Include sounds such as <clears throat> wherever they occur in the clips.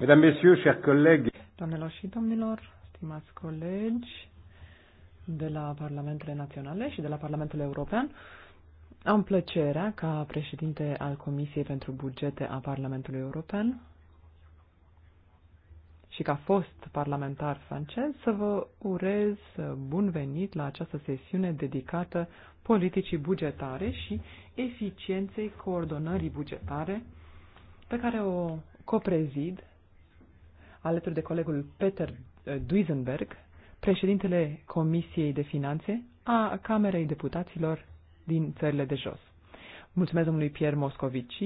Mesdames, Messieurs, chers collègues. Doamnelor și domnilor, stimați colegi de la Parlamentele Naționale și de la Parlamentul European, am plăcerea ca președinte al Comisiei pentru Bugete a Parlamentului European și ca fost parlamentar francez să vă urez bun venit la această sesiune dedicată politicii bugetare și eficienței coordonării bugetare pe care o coprezid alături de colegul Peter eh, Duisenberg, președintele Comisiei de Finanțe a Camerei Deputaților din țările de jos. Mulțumesc domnului Pierre Moscovici,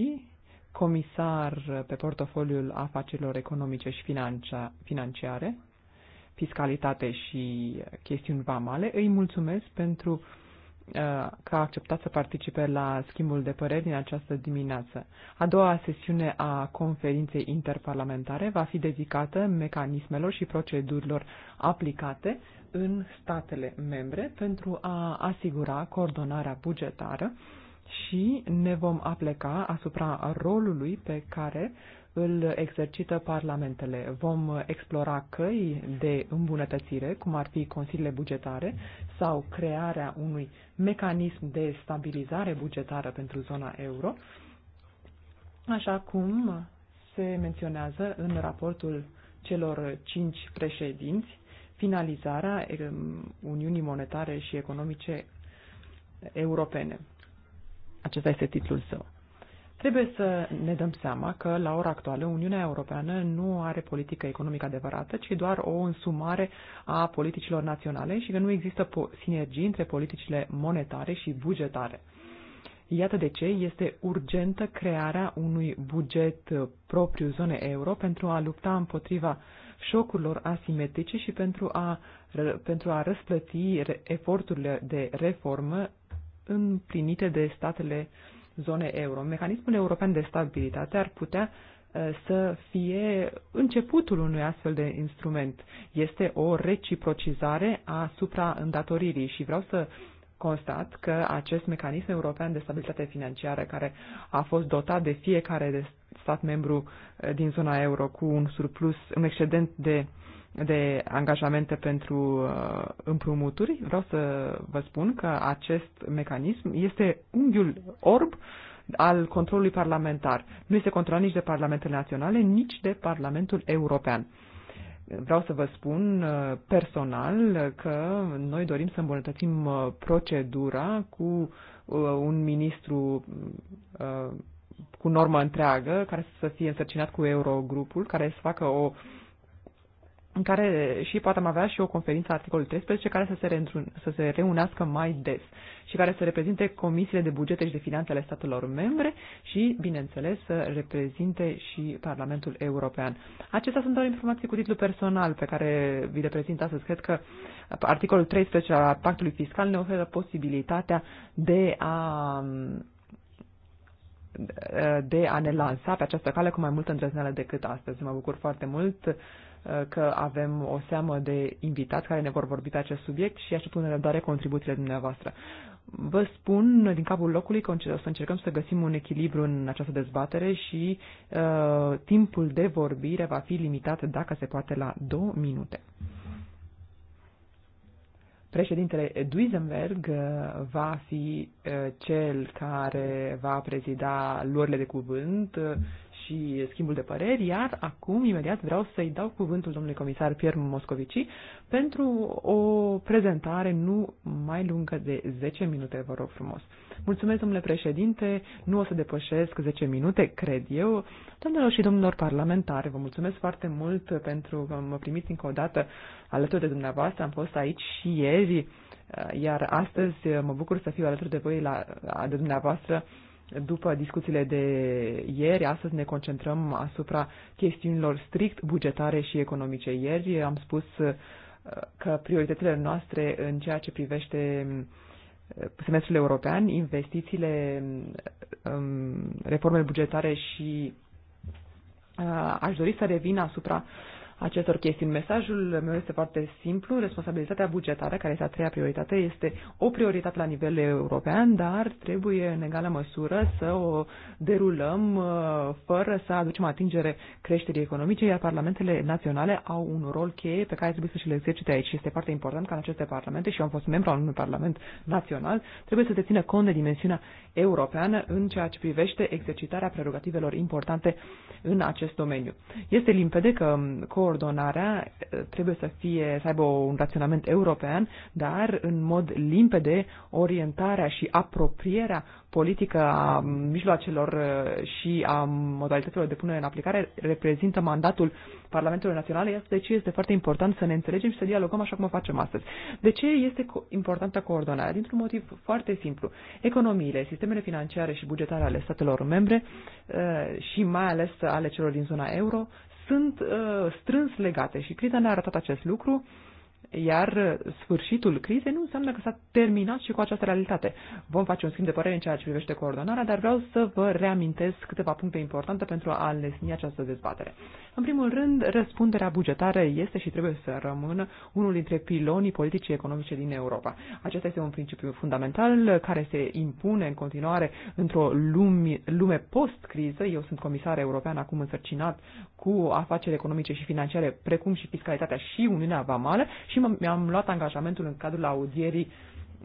comisar pe portofoliul afacerilor economice și financiare, fiscalitate și eh, chestiuni vamale. Îi mulțumesc pentru uh, Uh, că a acceptat să participe la schimbul de păreri din această dimineață. A doua sesiune a conferinței interparlamentare va fi dedicată mecanismelor și procedurilor aplicate în statele membre pentru a asigura coordonarea bugetară și ne vom apleca asupra rolului pe care îl exercită parlamentele. Vom explora căi de îmbunătățire, cum ar fi consiliile bugetare sau crearea unui mecanism de stabilizare bugetară pentru zona euro, așa cum se menționează în raportul celor cinci președinți finalizarea um, Uniunii Monetare și Economice Europene. Acesta este titlul său. Trebuie să ne dăm seama că, la ora actuală, Uniunea Europeană nu are politică economică adevărată, ci doar o însumare a politicilor naționale și că nu există sinergii între politicile monetare și bugetare. Iată de ce este urgentă crearea unui buget propriu zone euro pentru a lupta împotriva șocurilor asimetrice și pentru a, pentru a răsplăti eforturile de reformă împlinite de statele uh, zone euro. Mecanismul european de stabilitate ar putea uh, să fie începutul unui astfel de instrument. Este o reciprocizare asupra îndatoririi și vreau să constat că acest mecanism european de stabilitate financiară, care a fost dotat de fiecare de stat membru uh, din zona euro cu un surplus, un excedent de de angajamente pentru uh, împrumuturi, vreau să vă spun că acest mecanism este unghiul orb al controlului parlamentar. Nu este controlat nici de parlamentele naționale, nici de Parlamentul European. Vreau să vă spun uh, personal că noi dorim să îmbunătățim uh, procedura cu un ministru cu normă întreagă, care să fie însărcinat cu Eurogrupul, care să facă o uh, în care și poate am avea și o conferință articolul 13 care să se, reîntrun, să se reunească mai des și care să reprezinte comisiile de bugete și de finanțe ale statelor membre și, bineînțeles, să reprezinte și Parlamentul European. Acestea sunt doar informații cu titlu personal pe care vi le prezint astăzi. Cred că articolul 13 al pactului fiscal ne oferă posibilitatea de a de a ne lansa pe această cale cu mai multă îndrăzneală decât astăzi. Mă bucur foarte mult Uh, că avem o seamă de invitați care ne vor vorbi pe acest subiect și aștept cu nerăbdare contribuțiile dumneavoastră. Vă spun din capul locului că să încercăm să găsim un echilibru în această dezbatere și uh, timpul de vorbire va fi limitat, dacă se poate, la două minute. Președintele Duisenberg uh, va fi uh, cel care va prezida luările de cuvânt și schimbul de păreri, iar acum, imediat, vreau să-i dau cuvântul domnului comisar Pierre Moscovici pentru o prezentare nu mai lungă de 10 minute, vă rog frumos. Mulțumesc, domnule președinte, nu o să depășesc 10 minute, cred eu. Domnilor și domnilor parlamentari, vă mulțumesc foarte mult pentru că mă primiți încă o dată alături de dumneavoastră. Am fost aici și ieri, iar astăzi mă bucur să fiu alături de voi la, de dumneavoastră după discuțiile de ieri, astăzi ne concentrăm asupra chestiunilor strict bugetare și economice. Ieri am spus uh, că prioritățile noastre în ceea ce privește uh, semestrul european, investițiile, uh, um, reformele bugetare și aș dori să revin asupra uh, acestor chestiuni. Mesajul meu este foarte simplu. Responsabilitatea bugetară, care este a treia prioritate, este o prioritate la nivel european, dar trebuie în egală măsură să o derulăm uh, fără să aducem atingere creșterii economice, iar parlamentele naționale au un rol cheie pe care trebuie să și-l exercite aici. Este foarte important ca în aceste parlamente, și eu am fost membru al unui parlament național, trebuie să se țină cont de dimensiunea europeană în ceea ce privește exercitarea prerogativelor importante în acest domeniu. Este limpede că co coordonarea eh, trebuie să fie, să aibă un raționament european, dar în mod limpede orientarea și apropierea politică a mijloacelor uh, și a modalităților de punere în aplicare reprezintă mandatul Parlamentului Național, iar de ce este foarte important să ne înțelegem și să dialogăm așa cum o facem astăzi. De ce este importantă coordonarea? Dintr-un motiv foarte simplu. Economiile, sistemele financiare și bugetare ale statelor membre uh, și mai ales ale celor din zona euro sunt uh, strâns legate și criza ne-a arătat acest lucru. Iar uh, sfârșitul crizei nu înseamnă că s-a terminat și cu această realitate. Vom face un schimb de părere în ceea ce privește coordonarea, dar vreau să vă reamintesc câteva puncte importante pentru a lesni această dezbatere. În primul rând, răspunderea bugetară este și trebuie să rămână unul dintre pilonii politicii economice din Europa. Acesta este un principiu fundamental care se impune în continuare într-o lume, lume post-criză. Eu sunt comisar european acum însărcinat cu afaceri economice și financiare, precum și fiscalitatea și Uniunea Vamală și mi-am luat angajamentul în cadrul audierii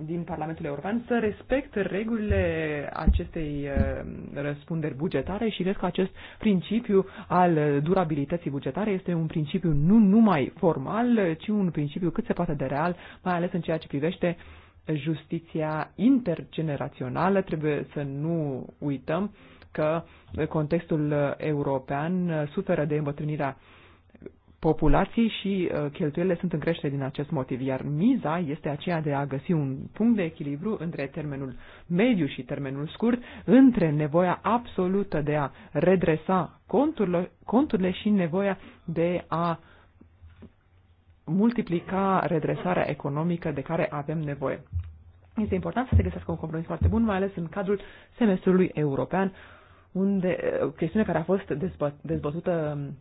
din Parlamentul European să respect regulile acestei eh, răspunderi bugetare și cred că acest principiu al durabilității bugetare este un principiu nu numai formal, ci un principiu cât se poate de real, mai ales în ceea ce privește justiția intergenerațională. Trebuie să nu uităm că contextul european suferă de îmbătrânirea uh, populații și uh, cheltuielile sunt în creștere din acest motiv, iar miza este aceea de a găsi un punct de echilibru între termenul mediu și termenul scurt, între nevoia absolută de a redresa conturile, conturile și nevoia de a multiplica redresarea economică de care avem nevoie. Este important să se găsească un compromis foarte bun, mai ales în cadrul semestrului european, unde uh, chestiune care a fost dezbătută um,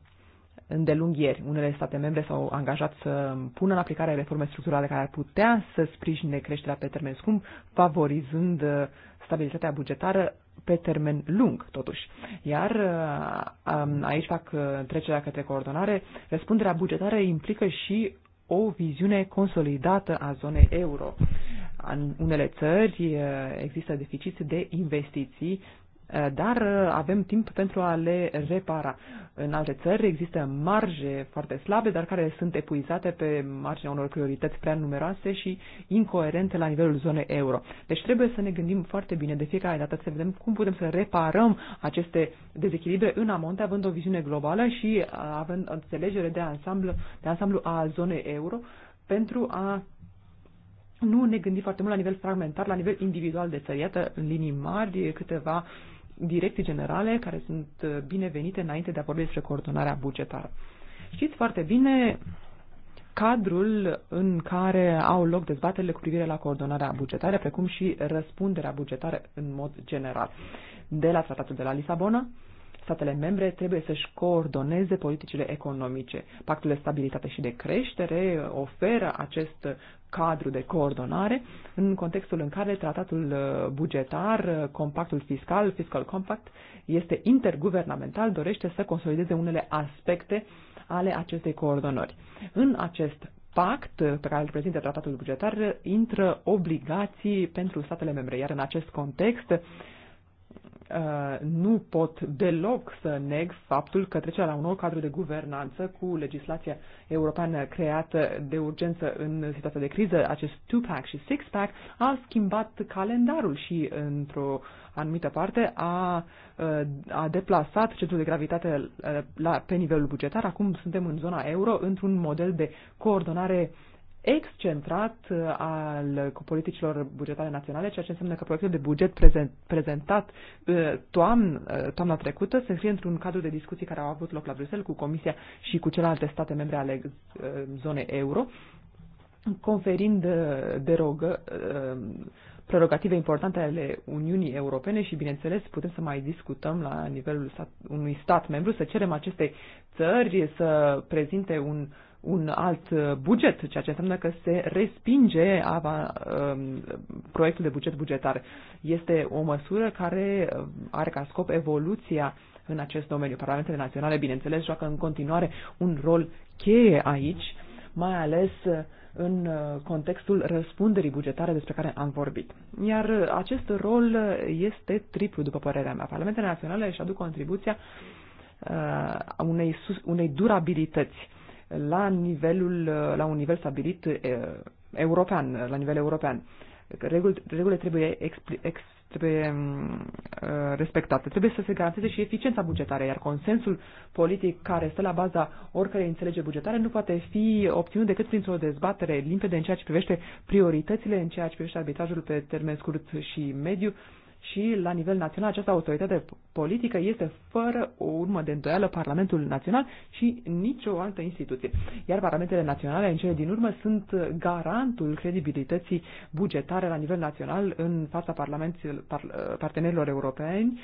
îndelunghieri. Unele state membre s-au angajat să pună în aplicare reforme structurale care ar putea să sprijine creșterea pe termen scump, favorizând uh, stabilitatea bugetară pe termen lung, totuși. Iar uh, aici fac uh, trecerea către coordonare. Răspunderea bugetară implică și o viziune consolidată a zonei euro. În unele țări există deficit de investiții Eh, dar eh, avem timp pentru a le repara. În alte țări există marje foarte slabe, dar care sunt epuizate pe marginea unor priorități prea numeroase și incoerente la nivelul zonei euro. Deci trebuie să ne gândim foarte bine de fiecare dată să vedem cum putem să reparăm aceste dezechilibre în amonte, având o viziune globală și eh, având o înțelegere de ansamblu, de ansamblu a zonei euro pentru a nu ne gândi foarte mult la nivel fragmentar, la nivel individual de țări. Iată, în linii mari, câteva uh, direcții generale care sunt uh, binevenite înainte de a vorbi despre coordonarea bugetară. Știți foarte bine cadrul în care au loc dezbaterile cu privire la coordonarea bugetară, precum și răspunderea bugetară în mod general. De la tratatul de la Lisabona, Statele membre trebuie să-și coordoneze politicile economice. Pactul de stabilitate și de creștere oferă acest cadru de coordonare în contextul în care tratatul uh, bugetar, uh, compactul fiscal, fiscal compact, este interguvernamental, dorește să consolideze unele aspecte ale acestei coordonări. În acest pact uh, pe care îl prezintă tratatul bugetar intră obligații pentru statele membre, iar în acest context Uh, nu pot deloc să neg faptul că trecerea la un nou cadru de guvernanță cu legislația europeană creată de urgență în situația de criză, acest two-pack și six-pack, a schimbat calendarul și, într-o anumită parte, a, uh, a deplasat centrul de gravitate uh, la, pe nivelul bugetar. Acum suntem în zona euro, într-un model de coordonare uh, excentrat uh, al cu politicilor bugetare naționale, ceea ce înseamnă că proiectul de buget prezent, prezentat uh, toamn, uh, toamna trecută se scrie într-un cadru de discuții care au avut loc la Bruxelles cu Comisia și cu celelalte state membre ale zonei euro, conferind derogă prerogative importante ale Uniunii Europene și, bineînțeles, putem să mai discutăm la nivelul stat, unui stat membru, să cerem acestei țări să prezinte un un alt buget, ceea ce înseamnă că se respinge ava, um, proiectul de buget bugetar. Este o măsură care um, are ca scop evoluția în acest domeniu. Parlamentele naționale, bineînțeles, joacă în continuare un rol cheie aici, mai ales uh, în uh, contextul răspunderii bugetare despre care am vorbit. Iar uh, acest rol este triplu, după părerea mea. Parlamentele naționale își aduc contribuția unei, unei durabilități la, nivelul, la un nivel stabilit european, la nivel european. Regul, regulile trebuie, expli, ex, trebuie mm, uh, respectate. Trebuie să se garanteze și eficiența bugetară, iar consensul politic care stă la baza oricărei înțelegeri bugetare nu poate fi obținut decât printr-o dezbatere limpede în ceea ce privește prioritățile, în ceea ce privește arbitrajul pe termen scurt și mediu, și la nivel național această autoritate politică este fără o urmă de îndoială Parlamentul Național și nicio altă instituție. Iar Parlamentele Naționale în cele din urmă sunt garantul credibilității bugetare la nivel național în fața par, partenerilor europeni.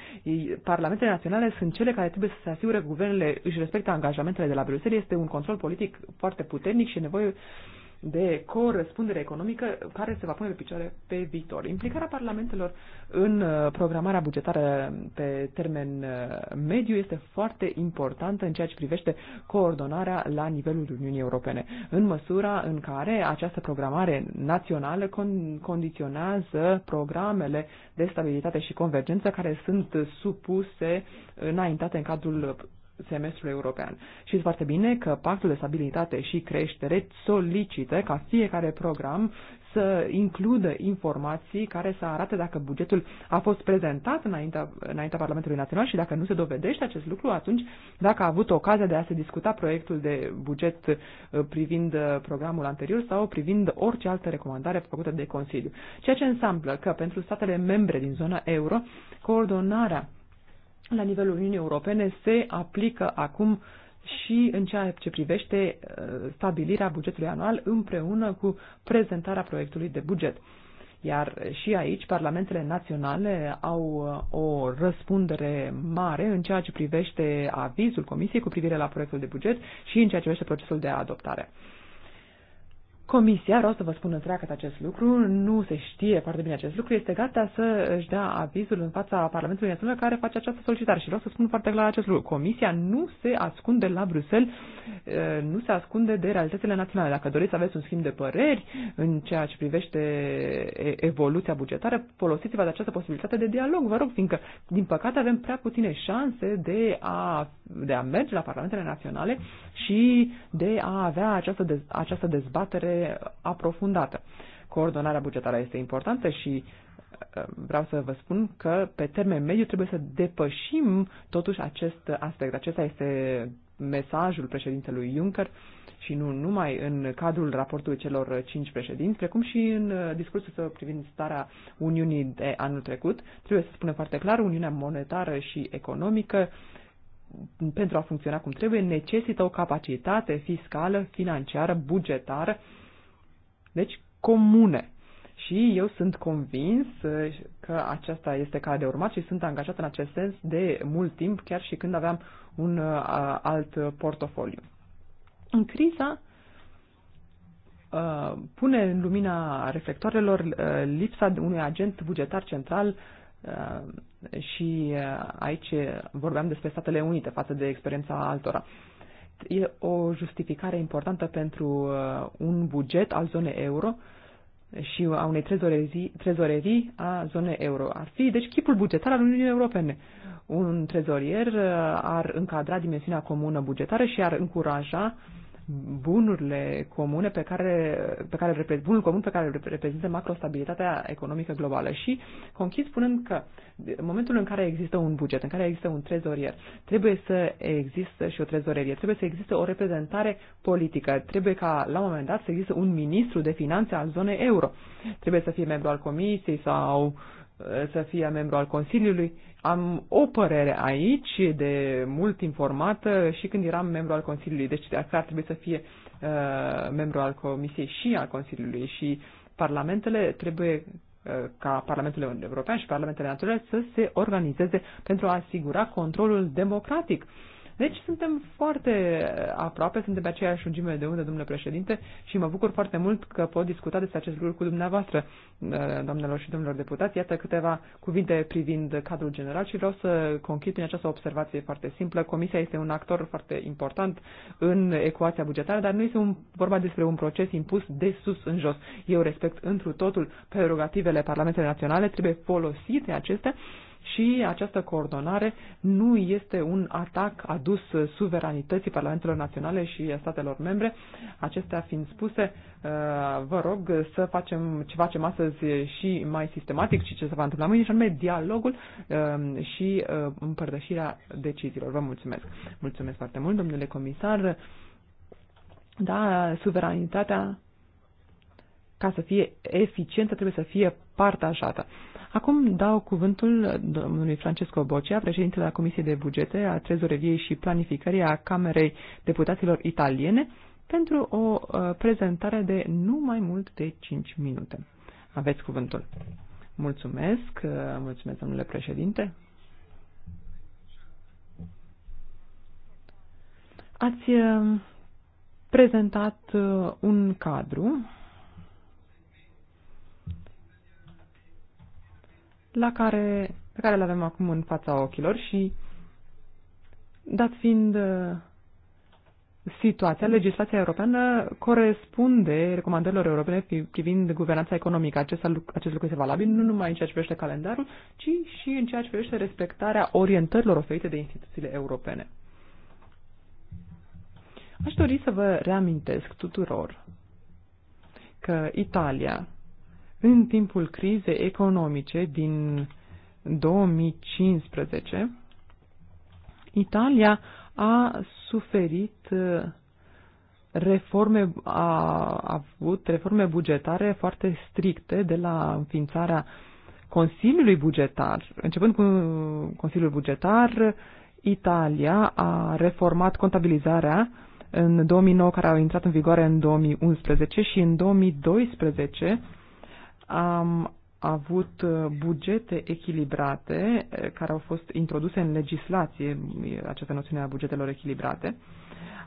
Parlamentele Naționale sunt cele care trebuie să se asigure că guvernele își respectă angajamentele de la Bruxelles. Este un control politic foarte puternic și nevoie de corespundere economică care se va pune pe picioare pe viitor. Implicarea parlamentelor în uh, programarea bugetară pe termen uh, mediu este foarte importantă în ceea ce privește coordonarea la nivelul Uniunii Europene, în măsura în care această programare națională con- condiționează programele de stabilitate și convergență care sunt supuse înaintate în cadrul semestrul european. Știți foarte bine că Pactul de Stabilitate și Creștere solicită ca fiecare program să includă informații care să arate dacă bugetul a fost prezentat înaintea, înaintea Parlamentului Național și dacă nu se dovedește acest lucru, atunci dacă a avut ocazia de a se discuta proiectul de buget uh, privind uh, programul anterior sau privind orice altă recomandare făcută de Consiliu. Ceea ce înseamnă că pentru statele membre din zona euro, coordonarea la nivelul Uniunii Europene se aplică acum și în ceea ce privește uh, stabilirea bugetului anual împreună cu prezentarea proiectului de buget. Iar și aici parlamentele naționale au uh, o răspundere mare în ceea ce privește avizul Comisiei cu privire la proiectul de buget și în ceea ce privește procesul de adoptare. Comisia, vreau să vă spun întreagăt acest lucru, nu se știe foarte bine acest lucru, este gata să își dea avizul în fața Parlamentului Național care face această solicitare. Și vreau să spun foarte clar acest lucru. Comisia nu se ascunde la Bruxelles, eh, nu se ascunde de realitățile naționale. Dacă doriți să aveți un schimb de păreri în ceea ce privește evoluția bugetară, folosiți-vă de această posibilitate de dialog, vă rog, fiindcă, din păcate, avem prea puține șanse de a de a merge la parlamentele naționale și de a avea această, dez, această dezbatere aprofundată. Coordonarea bugetară este importantă și uh, vreau să vă spun că pe termen mediu trebuie să depășim totuși acest aspect. Acesta este mesajul președintelui Juncker și nu numai în cadrul raportului celor cinci președinți, precum și în uh, discursul său privind starea Uniunii de anul trecut. Trebuie să spunem foarte clar, Uniunea monetară și economică pentru a funcționa cum trebuie, necesită o capacitate fiscală, financiară, bugetară, deci comune. Și eu sunt convins eh, că aceasta este calea de urmat și sunt angajat în acest sens de mult timp, chiar și când aveam un eh, alt portofoliu. În criza eh, pune în lumina reflectoarelor lipsa unui agent bugetar central și uh, aici vorbeam despre Statele Unite față de experiența altora. E o justificare importantă pentru uh, un buget al zonei euro și a unei trezorerii, trezorerii a zonei euro. Ar fi, deci, chipul bugetar al Uniunii Europene. Un trezorier uh, ar încadra dimensiunea comună bugetară și ar încuraja uh, bunurile comune pe care, pe care bunul comun pe care reprezintă macrostabilitatea economică globală și conchis spunând că în momentul în care există un buget, în care există un trezorier, trebuie să există și o trezorerie, trebuie să existe o reprezentare politică, trebuie ca la un moment dat să există un ministru de finanțe al zonei euro, trebuie să fie membru al comisiei sau să fie membru al Consiliului am o părere aici de mult informată și când eram membru al Consiliului, deci asta ar trebui să fie uh, membru al Comisiei și al Consiliului și parlamentele trebuie uh, ca Parlamentul European și Parlamentele Naționale să se organizeze pentru a asigura controlul democratic uh, deci suntem foarte aproape, suntem pe aceeași lungime de undă, domnule președinte, și mă bucur foarte mult că pot discuta despre acest lucru cu dumneavoastră, uh, doamnelor și domnilor deputați. Iată câteva cuvinte privind cadrul general și vreau să conchid în această observație foarte simplă. Comisia este un actor foarte important în ecuația bugetară, dar nu este un, vorba despre un proces impus de sus în jos. Eu respect întru totul prerogativele Parlamentului Naționale, trebuie folosite acestea și această coordonare nu este un atac adus suveranității Parlamentelor Naționale și statelor membre. Acestea fiind spuse, uh, vă rog să facem ce facem astăzi și mai sistematic și ce se va întâmpla mâine, și anume dialogul um, și uh, împărtășirea deciziilor. Vă mulțumesc. Mulțumesc foarte mult, domnule comisar. Da, suveranitatea ca să fie eficientă, trebuie să fie partajată. Acum dau cuvântul domnului Francesco Bocea, președintele la Comisiei de Bugete, a Trezoreviei și Planificării a Camerei Deputaților Italiene, pentru o uh, prezentare de nu mai mult de 5 minute. Aveți cuvântul. Mulțumesc, uh, mulțumesc domnule președinte. Ați uh, prezentat un cadru la care, pe care le avem acum în fața ochilor și dat fiind uh, situația, legislația europeană corespunde recomandărilor europene privind guvernanța economică. Acest, acest lucru este valabil nu numai în ceea ce privește calendarul, ci și în ceea ce privește respectarea orientărilor oferite de instituțiile europene. Aș dori să vă reamintesc tuturor că Italia în timpul crizei economice din 2015, Italia a suferit uh, reforme, a avut reforme bugetare foarte stricte de la înființarea Consiliului Bugetar. Începând cu Consiliul Bugetar, Italia a reformat contabilizarea în 2009, care a intrat în vigoare în 2011 și în 2012 am avut uh, bugete echilibrate uh, care au fost introduse în legislație, uh, această noțiune a bugetelor echilibrate.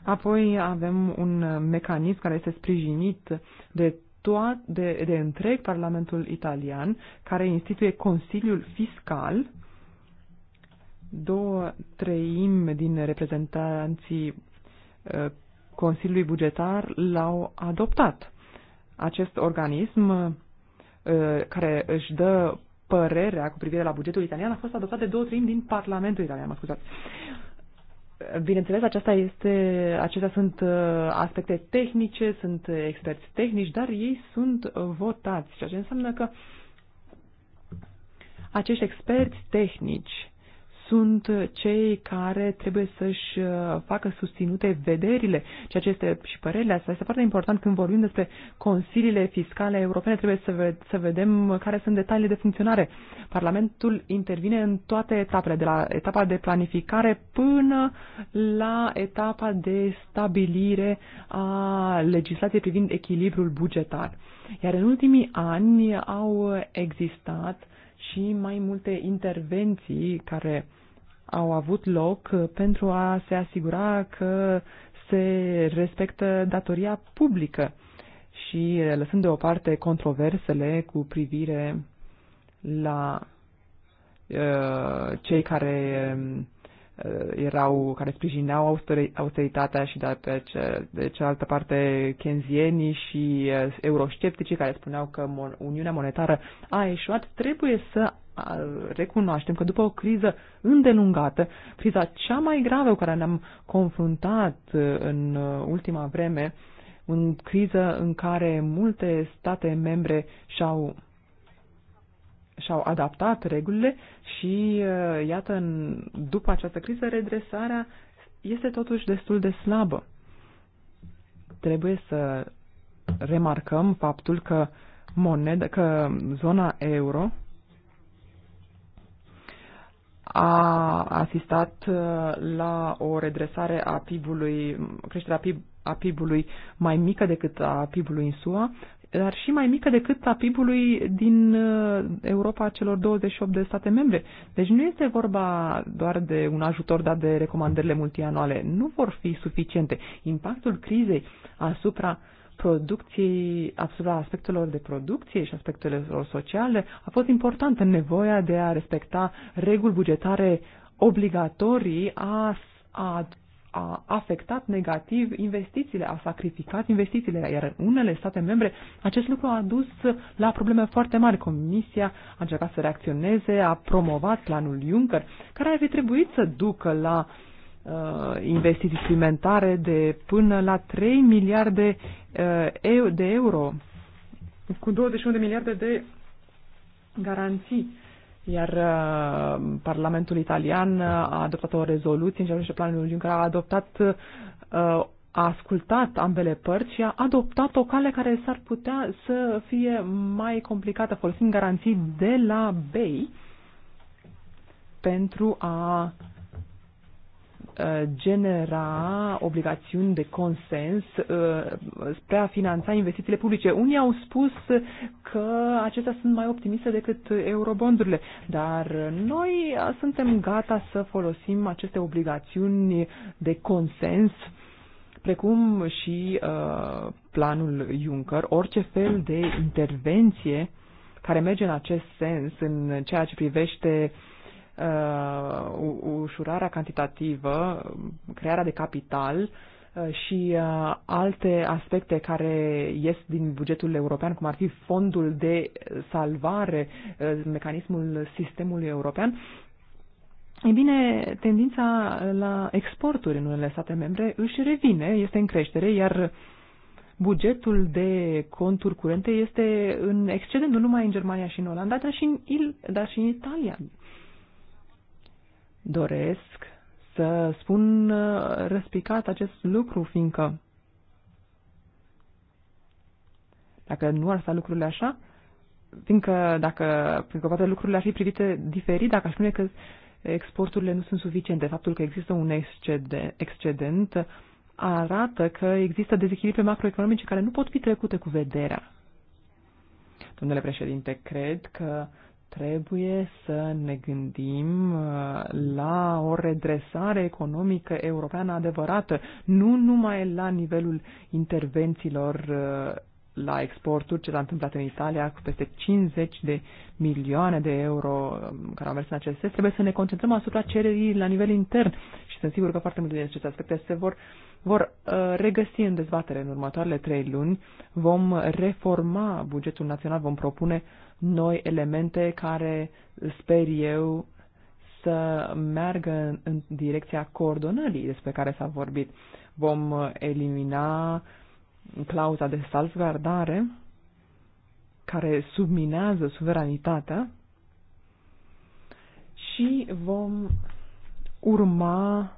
Apoi avem un mecanism care este sprijinit de toat, de, de întreg Parlamentul italian, care instituie Consiliul Fiscal, două treimi din reprezentanții Consiliului Bugetar l-au adoptat. Acest organism Uh, care își dă părerea cu privire la bugetul italian a fost adoptat de două treimi din Parlamentul italian, mă scuzați. Bineînțeles, aceasta este, acestea sunt uh, aspecte tehnice, sunt experți tehnici, dar ei sunt votați, ceea ce înseamnă că acești experți tehnici sunt cei care trebuie să-și uh, facă susținute vederile, ceea ce este și părerile astea. Este foarte important când vorbim despre consiliile fiscale europene, trebuie să, ve- să vedem care sunt detaliile de funcționare. Parlamentul intervine în toate etapele, de la etapa de planificare până la etapa de stabilire a legislației privind echilibrul bugetar. Iar în ultimii ani au existat și mai multe intervenții care au avut loc pentru a se asigura că se respectă datoria publică și lăsând deoparte controversele cu privire la uh, cei care um, Uh, erau, care sprijineau austeritatea și de, pe ce, de cealaltă parte kenzienii și uh, euroscepticii care spuneau că mon, Uniunea Monetară a eșuat, trebuie să uh, recunoaștem că după o criză îndelungată, criza cea mai gravă cu care ne-am confruntat în ultima vreme, în criză în care multe state membre și-au și-au adaptat regulile și, uh, iată, în, după această criză, redresarea este totuși destul de slabă. Trebuie să remarcăm faptul că monedă, că zona euro a asistat uh, la o redresare a PIB-ului, creșterea PIB, a PIB-ului mai mică decât a PIB-ului în SUA, dar și mai mică decât a PIB-ului din uh, Europa celor 28 de state membre. Deci nu este vorba doar de un ajutor dat de recomandările multianuale. Nu vor fi suficiente. Impactul crizei asupra producției, asupra aspectelor de producție și aspectelor sociale a fost importantă nevoia de a respecta reguli bugetare obligatorii a, a a afectat negativ investițiile, a sacrificat investițiile, iar în unele state membre acest lucru a dus la probleme foarte mari. Comisia a încercat să reacționeze, a promovat planul Juncker, care ar fi trebuit să ducă la uh, investiții suplimentare de până la 3 miliarde uh, de euro, cu 21 de miliarde de garanții. Iar uh, Parlamentul italian uh, a adoptat o rezoluție în ceea ce planul Juncker a adoptat, uh, a ascultat ambele părți și a adoptat o cale care s-ar putea să fie mai complicată, folosind garanții de la BEI pentru a Uh, genera obligațiuni de consens uh, spre a finanța investițiile publice. Unii au spus că acestea sunt mai optimiste decât eurobondurile, dar noi suntem gata să folosim aceste obligațiuni de consens precum și uh, planul Juncker, orice fel de intervenție care merge în acest sens în ceea ce privește uh, uh, ușurarea cantitativă, crearea de capital uh, și uh, alte aspecte care ies din bugetul european, cum ar fi fondul de salvare, uh, mecanismul sistemului european, e bine, tendința la exporturi în unele state membre își revine, este în creștere, iar bugetul de conturi curente este în excedent nu numai în Germania și în Olanda, dar și în, Il- dar și în Italia doresc să spun uh, răspicat acest lucru, fiindcă dacă nu ar sta lucrurile așa, fiindcă dacă, fiindcă poate lucrurile ar fi privite diferit, dacă aș spune că exporturile nu sunt suficiente, faptul că există un excedent, excedent arată că există dezechilibre macroeconomice care nu pot fi trecute cu vederea. Domnule președinte, cred că uh, Trebuie să ne gândim uh, la o redresare economică europeană adevărată, nu numai la nivelul intervențiilor uh, la exporturi, ce s-a întâmplat în Italia cu peste 50 de milioane de euro um, care au mers în acest sens, trebuie să ne concentrăm asupra cererii la nivel intern și sunt sigur că foarte multe din aceste aspecte se vor, vor uh, regăsi în dezbatere în următoarele trei luni. Vom reforma bugetul național, vom propune uh, noi elemente care, sper eu, să meargă în, în direcția coordonării despre care s-a vorbit. Vom uh, elimina clauza de salvgardare care subminează suveranitatea și vom urma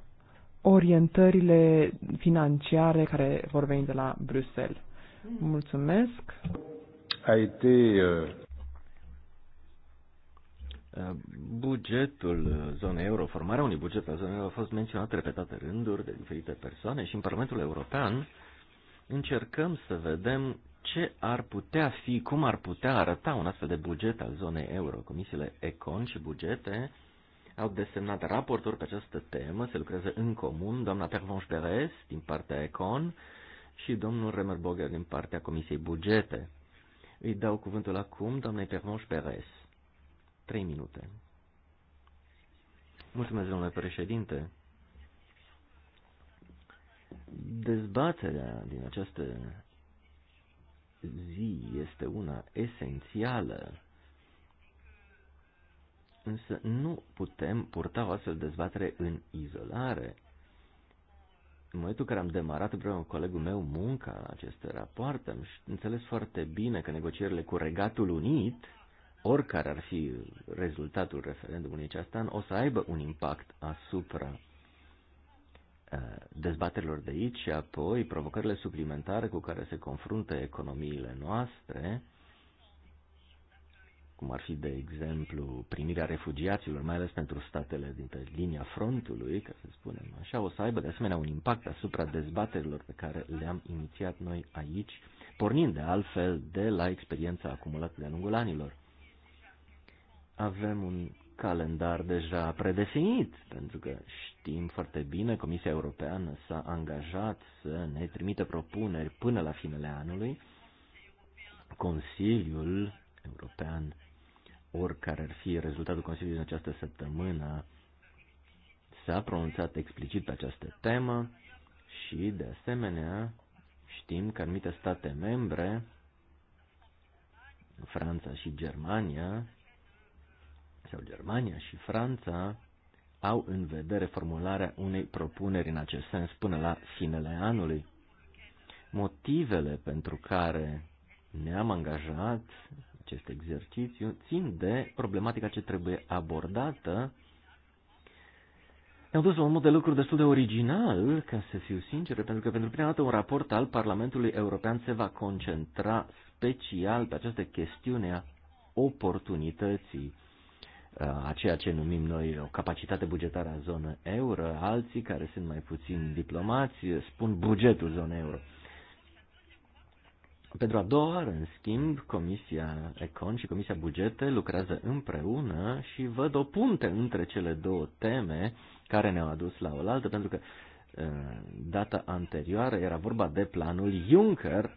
orientările financiare care vor veni de la Bruxelles. Mulțumesc! A été, uh... Uh, bugetul zonei euro, formarea unui buget al zonei euro a fost menționat repetate rânduri de diferite persoane și în Parlamentul European încercăm să vedem ce ar putea fi, cum ar putea arăta un astfel de buget al zonei euro. Comisiile Econ și Bugete au desemnat raporturi pe această temă, se lucrează în comun, doamna Pervonș Perez din partea Econ și domnul Remer Boger din partea Comisiei Bugete. Îi dau cuvântul acum doamnei Pervonș Perez. 3 minute. Mulțumesc, domnule președinte. Dezbaterea din această zi este una esențială, însă nu putem purta o astfel dezbatere în izolare. În momentul în care am demarat împreună cu colegul meu munca la aceste rapoarte, am înțeles foarte bine că negocierile cu Regatul Unit oricare ar fi rezultatul referendumului aceasta, o să aibă un impact asupra eh, dezbaterilor de aici și apoi provocările suplimentare cu care se confruntă economiile noastre, cum ar fi, de exemplu, primirea refugiaților, mai ales pentru statele din linia frontului, ca să spunem așa, o să aibă de asemenea un impact asupra dezbaterilor pe care le-am inițiat noi aici, pornind de altfel de la experiența acumulată de-a lungul anilor avem un calendar deja predefinit, pentru că știm foarte bine, Comisia Europeană s-a angajat să ne trimită propuneri până la finele anului. Consiliul European, oricare ar fi rezultatul Consiliului din această săptămână, s-a pronunțat explicit pe această temă și, de asemenea, știm că anumite state membre, Franța și Germania, sau Germania și Franța au în vedere formularea unei propuneri în acest sens până la finele anului. Motivele pentru care ne-am angajat acest exercițiu țin de problematica ce trebuie abordată. Ne-am dus la un mod de lucru destul de original, ca să fiu sincer, pentru că pentru prima dată un raport al Parlamentului European se va concentra special pe această chestiune a oportunității a ceea ce numim noi o capacitate bugetară a zonă euro, alții care sunt mai puțin diplomați spun bugetul zonă euro. Pentru a doua oară, în schimb, Comisia Econ și Comisia Bugete lucrează împreună și văd o punte între cele două teme care ne-au adus la oaltă, pentru că data anterioară era vorba de planul Juncker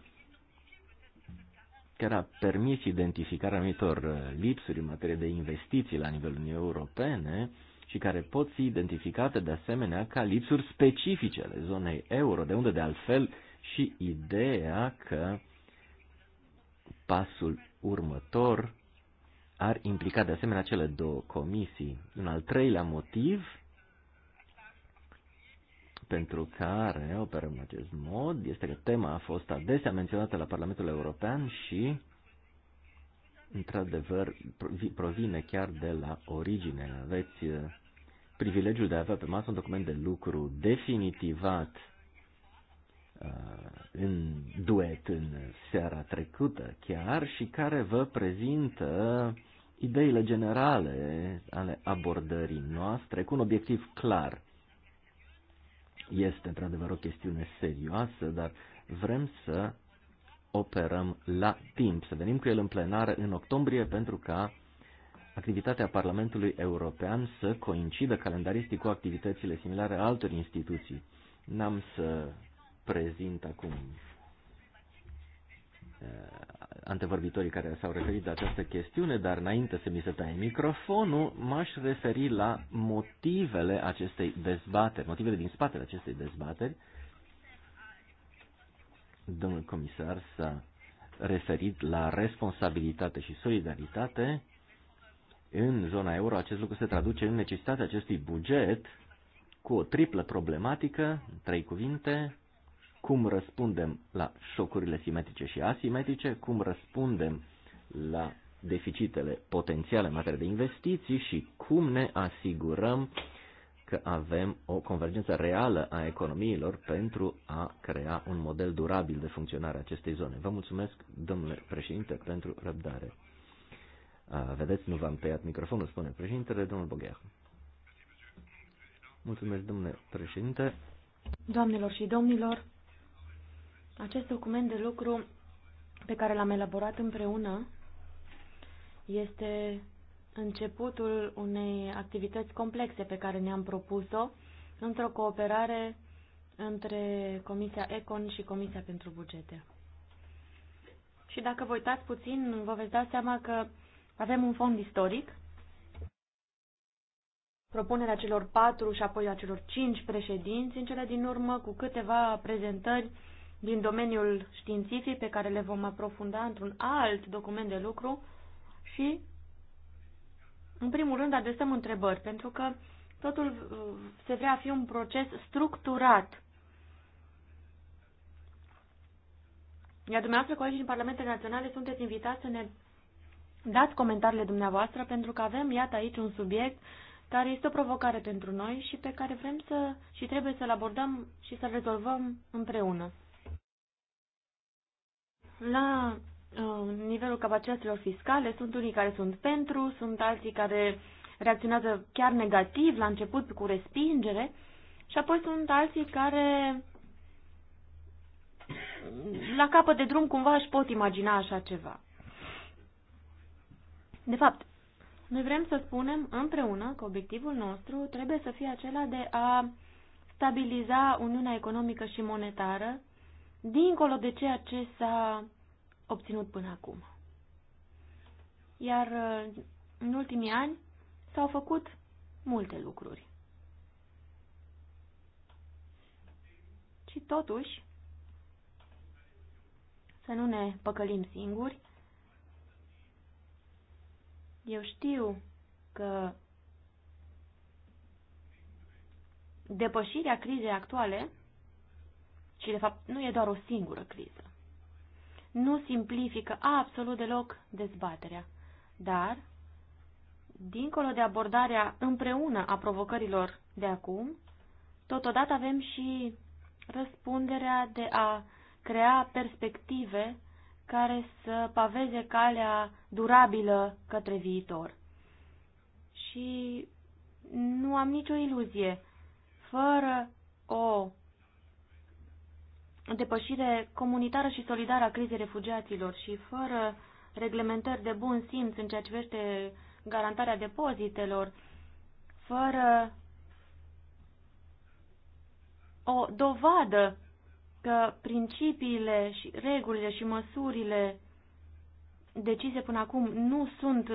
care a permis identificarea anumitor uh, lipsuri în materie de investiții la nivelul Uniunii Europene și care pot fi identificate de asemenea ca lipsuri specifice ale zonei euro, de unde de altfel și ideea că pasul următor ar implica de asemenea cele două comisii. Un al treilea motiv pentru care operăm în acest mod este că tema a fost adesea menționată la Parlamentul European și, într-adevăr, provine chiar de la origine. Aveți uh, privilegiul de a avea pe masă un document de lucru definitivat uh, în duet în seara trecută chiar și care vă prezintă ideile generale ale abordării noastre cu un obiectiv clar. Este într-adevăr o chestiune serioasă, dar vrem să operăm la timp, să venim cu el în plenară în octombrie pentru ca activitatea Parlamentului European să coincidă calendaristic cu activitățile similare a altor instituții. N-am să prezint acum antevorbitorii care s-au referit la această chestiune, dar înainte să mi se taie microfonul, m-aș referi la motivele acestei dezbateri, motivele din spatele acestei dezbateri. Domnul comisar s-a referit la responsabilitate și solidaritate. În zona euro acest lucru se traduce în necesitatea acestui buget cu o triplă problematică, trei cuvinte, cum răspundem la șocurile simetrice și asimetrice, cum răspundem la deficitele potențiale în materie de investiții și cum ne asigurăm că avem o convergență reală a economiilor pentru a crea un model durabil de funcționare a acestei zone. Vă mulțumesc, domnule președinte, pentru răbdare. A, vedeți, nu v-am tăiat microfonul, spune președintele, domnul Bogheah. Mulțumesc, domnule președinte. Doamnelor și domnilor, acest document de lucru pe care l-am elaborat împreună este începutul unei activități complexe pe care ne-am propus-o într-o cooperare între Comisia Econ și Comisia pentru Bugete. Și dacă vă uitați puțin, vă veți da seama că avem un fond istoric, propunerea celor patru și apoi a celor cinci președinți în cele din urmă cu câteva prezentări din domeniul științific pe care le vom aprofunda într-un alt document de lucru și, în primul rând, adresăm întrebări, pentru că totul uh, se vrea a fi un proces structurat. Iar dumneavoastră, colegii din Parlamentele Naționale, sunteți invitați să ne dați comentariile dumneavoastră, pentru că avem, iată, aici un subiect care este o provocare pentru noi și pe care vrem să și trebuie să-l abordăm și să-l rezolvăm împreună. La uh, nivelul capacităților fiscale sunt unii care sunt pentru, sunt alții care reacționează chiar negativ la început cu respingere și apoi sunt alții care la capăt de drum cumva își pot imagina așa ceva. De fapt, noi vrem să spunem împreună că obiectivul nostru trebuie să fie acela de a stabiliza Uniunea Economică și Monetară dincolo de ceea ce s-a obținut până acum. Iar uh, în ultimii ani s-au făcut multe lucruri. Și totuși, să nu ne păcălim singuri, eu știu că depășirea crizei actuale ci de fapt nu e doar o singură criză. Nu simplifică absolut deloc dezbaterea, dar, dincolo de abordarea împreună a provocărilor de acum, totodată avem și răspunderea de a crea perspective care să paveze calea durabilă către viitor. Și nu am nicio iluzie. Fără o depășire comunitară și solidară a crizei refugiaților și fără reglementări de bun simț în ceea ce vește garantarea depozitelor, fără o dovadă că principiile și regulile și măsurile decise până acum nu sunt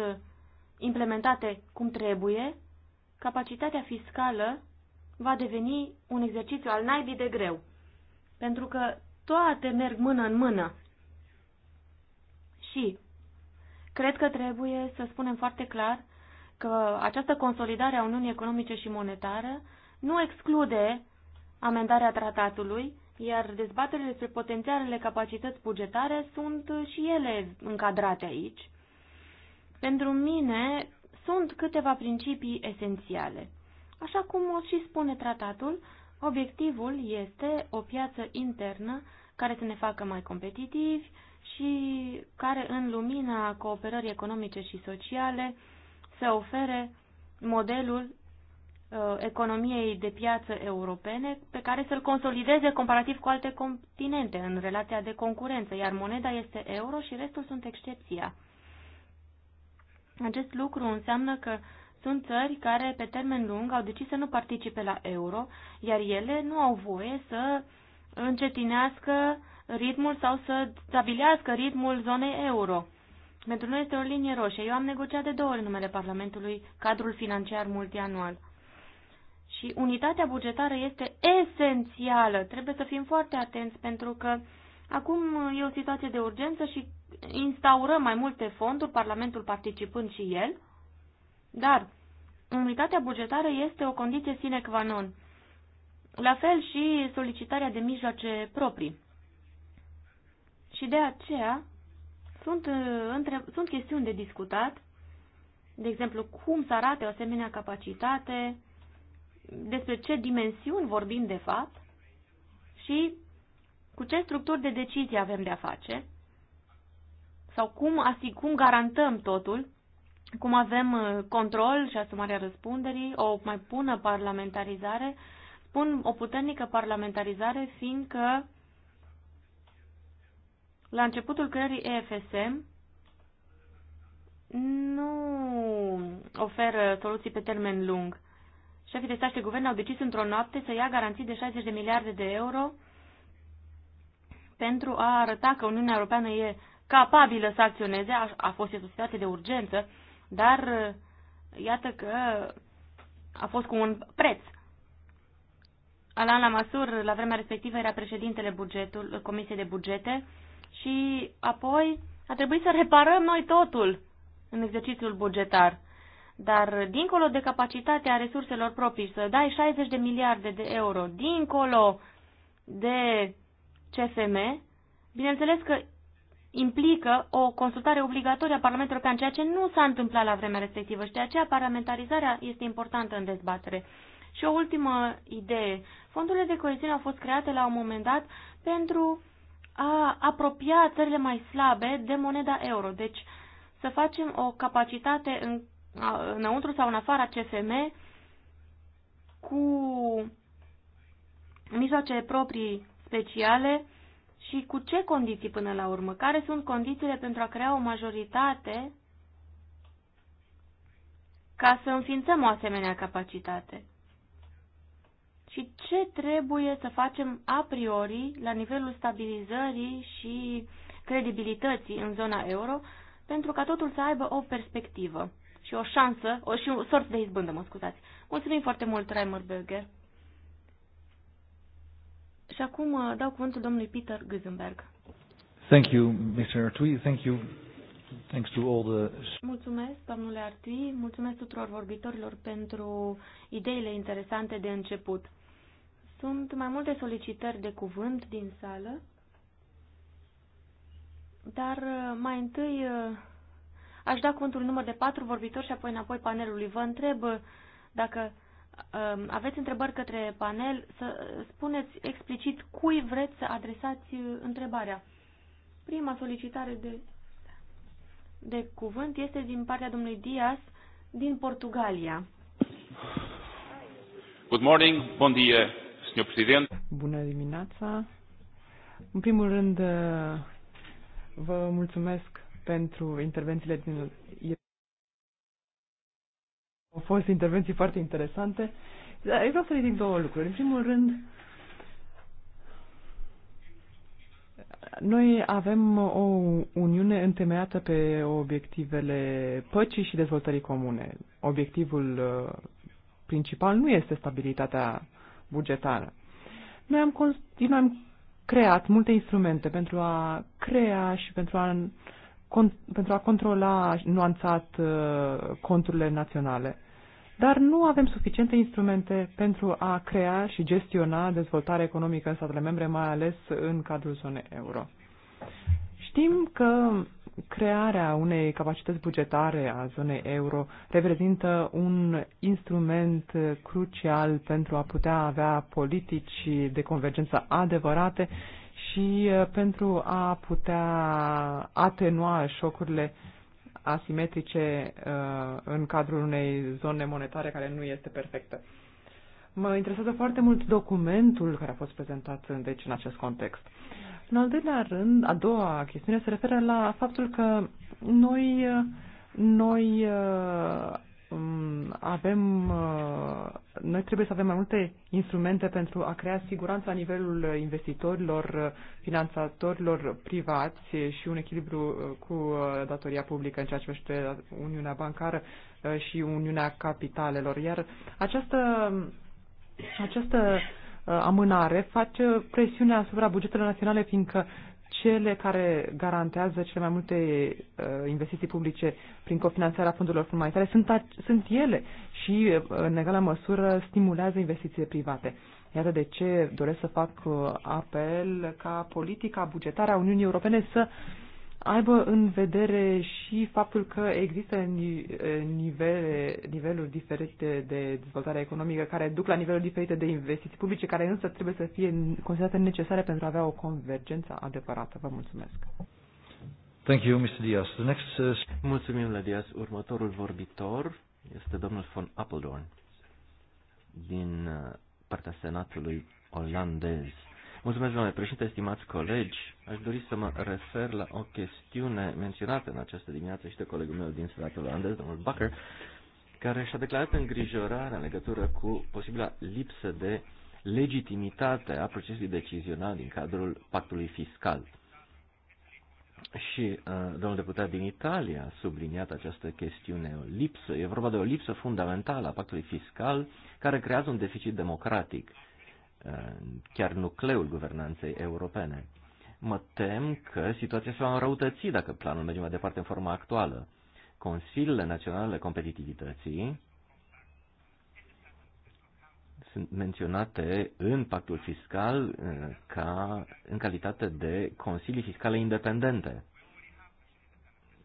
implementate cum trebuie, capacitatea fiscală va deveni un exercițiu al naibii de greu. Pentru că toate merg mână în mână. Și cred că trebuie să spunem foarte clar că această consolidare a Uniunii Economice și Monetară nu exclude amendarea tratatului, iar dezbaterile despre potențialele capacități bugetare sunt și ele încadrate aici. Pentru mine sunt câteva principii esențiale. Așa cum o și spune tratatul, Obiectivul este o piață internă care să ne facă mai competitivi și care, în lumina cooperării economice și sociale, să ofere modelul uh, economiei de piață europene pe care să-l consolideze comparativ cu alte continente în relația de concurență, iar moneda este euro și restul sunt excepția. Acest lucru înseamnă că sunt țări care, pe termen lung, au decis să nu participe la euro, iar ele nu au voie să încetinească ritmul sau să stabilească ritmul zonei euro. Pentru noi este o linie roșie. Eu am negociat de două ori numele Parlamentului cadrul financiar multianual. Și unitatea bugetară este esențială. Trebuie să fim foarte atenți pentru că acum e o situație de urgență și instaurăm mai multe fonduri, Parlamentul participând și el. Dar unitatea bugetară este o condiție sine qua non. La fel și solicitarea de mijloace proprii. Și de aceea sunt, uh, între, sunt chestiuni de discutat, de exemplu, cum să arate o asemenea capacitate, despre ce dimensiuni vorbim de fapt și cu ce structuri de decizie avem de-a face sau cum, asig- cum garantăm totul cum avem uh, control și asumarea răspunderii, o mai bună parlamentarizare, spun o puternică parlamentarizare, fiindcă la începutul creării EFSM nu oferă soluții pe termen lung. Șefii de stat și de guvern au decis într-o noapte să ia garanții de 60 de miliarde de euro pentru a arăta că Uniunea Europeană e capabilă să acționeze, a, a fost o situație de urgență, dar iată că a fost cu un preț. Alain Lamassur, la vremea respectivă, era președintele bugetul, Comisiei de Bugete și apoi a trebuit să reparăm noi totul în exercițiul bugetar. Dar dincolo de capacitatea resurselor proprii, să dai 60 de miliarde de euro, dincolo de CFM, bineînțeles că implică o consultare obligatorie a Parlamentului European, ceea ce nu s-a întâmplat la vremea respectivă și de aceea parlamentarizarea este importantă în dezbatere. Și o ultimă idee. Fondurile de coeziune au fost create la un moment dat pentru a apropia țările mai slabe de moneda euro. Deci să facem o capacitate în, înăuntru sau în afara CFM cu mijloace proprii speciale și cu ce condiții până la urmă? Care sunt condițiile pentru a crea o majoritate ca să înființăm o asemenea capacitate? Și ce trebuie să facem a priori la nivelul stabilizării și credibilității în zona euro pentru ca totul să aibă o perspectivă și o șansă, o, și o sort de izbândă, mă scuzați. Mulțumim foarte mult, Reimer Berger. Și acum uh, dau cuvântul domnului Peter Gusenberg. Thank you, Mr. Artui. Thank you. Thanks to all the... Mulțumesc, domnule Artui. Mulțumesc tuturor vorbitorilor pentru ideile interesante de început. Sunt mai multe solicitări de cuvânt din sală, dar uh, mai întâi uh, aș da cuvântul număr de patru vorbitori și apoi înapoi panelului. Vă întreb dacă Um, aveți întrebări către panel, să spuneți explicit cui vreți să adresați uh, întrebarea. Prima solicitare de, de cuvânt este din partea domnului Dias din Portugalia. Good morning, bom dia, senhor president. Bună dimineața. În primul rând, uh, vă mulțumesc pentru intervențiile din au fost intervenții foarte interesante. Dar vreau să ridic două lucruri. În primul rând, noi avem o uniune întemeiată pe obiectivele păcii și dezvoltării comune. Obiectivul uh, principal nu este stabilitatea bugetară. Noi am, noi am creat multe instrumente pentru a crea și pentru a, con, pentru a controla nuanțat uh, conturile naționale dar nu avem suficiente instrumente pentru a crea și gestiona dezvoltarea economică în statele membre, mai ales în cadrul zonei euro. Știm că crearea unei capacități bugetare a zonei euro reprezintă un instrument crucial pentru a putea avea politici de convergență adevărate și pentru a putea atenua șocurile asimetrice uh, în cadrul unei zone monetare care nu este perfectă. Mă interesează foarte mult documentul care a fost prezentat deci, în acest context. În al doilea rând, a doua chestiune se referă la faptul că noi, uh, noi uh, Mm, avem, uh, noi trebuie să avem mai multe instrumente pentru a crea siguranță la nivelul investitorilor, finanțatorilor privați și un echilibru uh, cu uh, datoria publică în ceea ce privește Uniunea Bancară și Uniunea Capitalelor. Iar această, această amânare face presiune asupra bugetelor naționale, fiindcă cele care garantează cele mai multe uh, investiții publice prin cofinanțarea fondurilor fundamentale sunt, sunt ele și, uh, în egală măsură, stimulează investițiile private. Iată de ce doresc să fac uh, apel ca politica bugetară a Uniunii Europene să uh, aibă în vedere și faptul că există nivele, niveluri diferite de dezvoltare economică care duc la niveluri diferite de investiții publice, care însă trebuie să fie considerate necesare pentru a avea o convergență adevărată. Vă mulțumesc. Thank you, Mr. Diaz. The next, uh... Mulțumim, la Diaz. Următorul vorbitor este domnul von Appledorn din uh, partea Senatului olandez. Mulțumesc, domnule președinte, estimați colegi. Aș dori să mă refer la o chestiune menționată în această dimineață și de colegul meu din Senatul Olandez, domnul Bucker, care și-a declarat îngrijorarea în legătură cu posibila lipsă de legitimitate a procesului decizional din cadrul pactului fiscal. Și uh, domnul deputat din Italia a subliniat această chestiune, o lipsă, e vorba de o lipsă fundamentală a pactului fiscal care creează un deficit democratic. Uh, Uh, chiar nucleul guvernanței europene. Mă tem că situația se va înrăutăți dacă planul merge mai departe în forma actuală. Consiliile Naționale Competitivității sunt menționate în pactul fiscal uh, ca în calitate de consilii fiscale independente.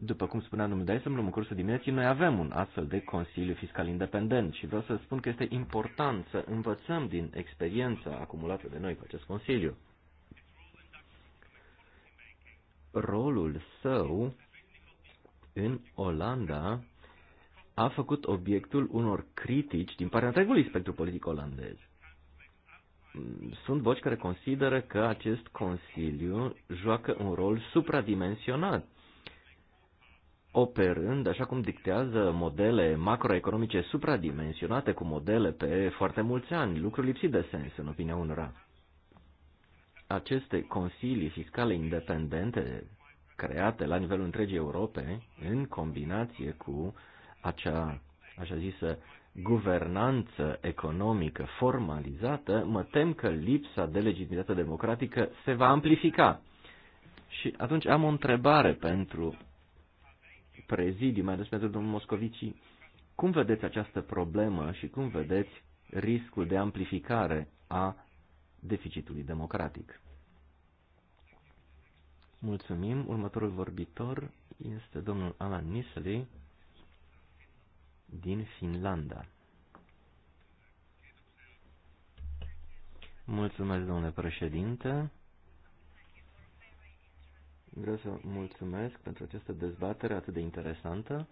După cum spunea domnul Dijsselbloem în cursul dimineții, noi avem un astfel de Consiliu Fiscal Independent și vreau să spun că este important să învățăm din experiența acumulată de noi cu acest Consiliu. Rolul său în Olanda a făcut obiectul unor critici din partea întregului spectru politic olandez. Sunt voci care consideră că acest Consiliu joacă un rol supradimensionat operând, așa cum dictează modele macroeconomice supradimensionate cu modele pe foarte mulți ani, lucru lipsit de sens în opinia unora. Aceste consilii fiscale independente create la nivelul întregii Europe, în combinație cu acea, așa zisă, guvernanță economică formalizată, mă tem că lipsa de legitimitate democratică se va amplifica. Și atunci am o întrebare pentru prezidiu, mai ales pentru domnul Moscovici. Cum vedeți această problemă și cum vedeți riscul de amplificare a deficitului democratic? Mulțumim. Următorul vorbitor este domnul Alan Nisley din Finlanda. Mulțumesc, domnule președinte. Vreau să mulțumesc pentru această dezbatere atât de interesantă.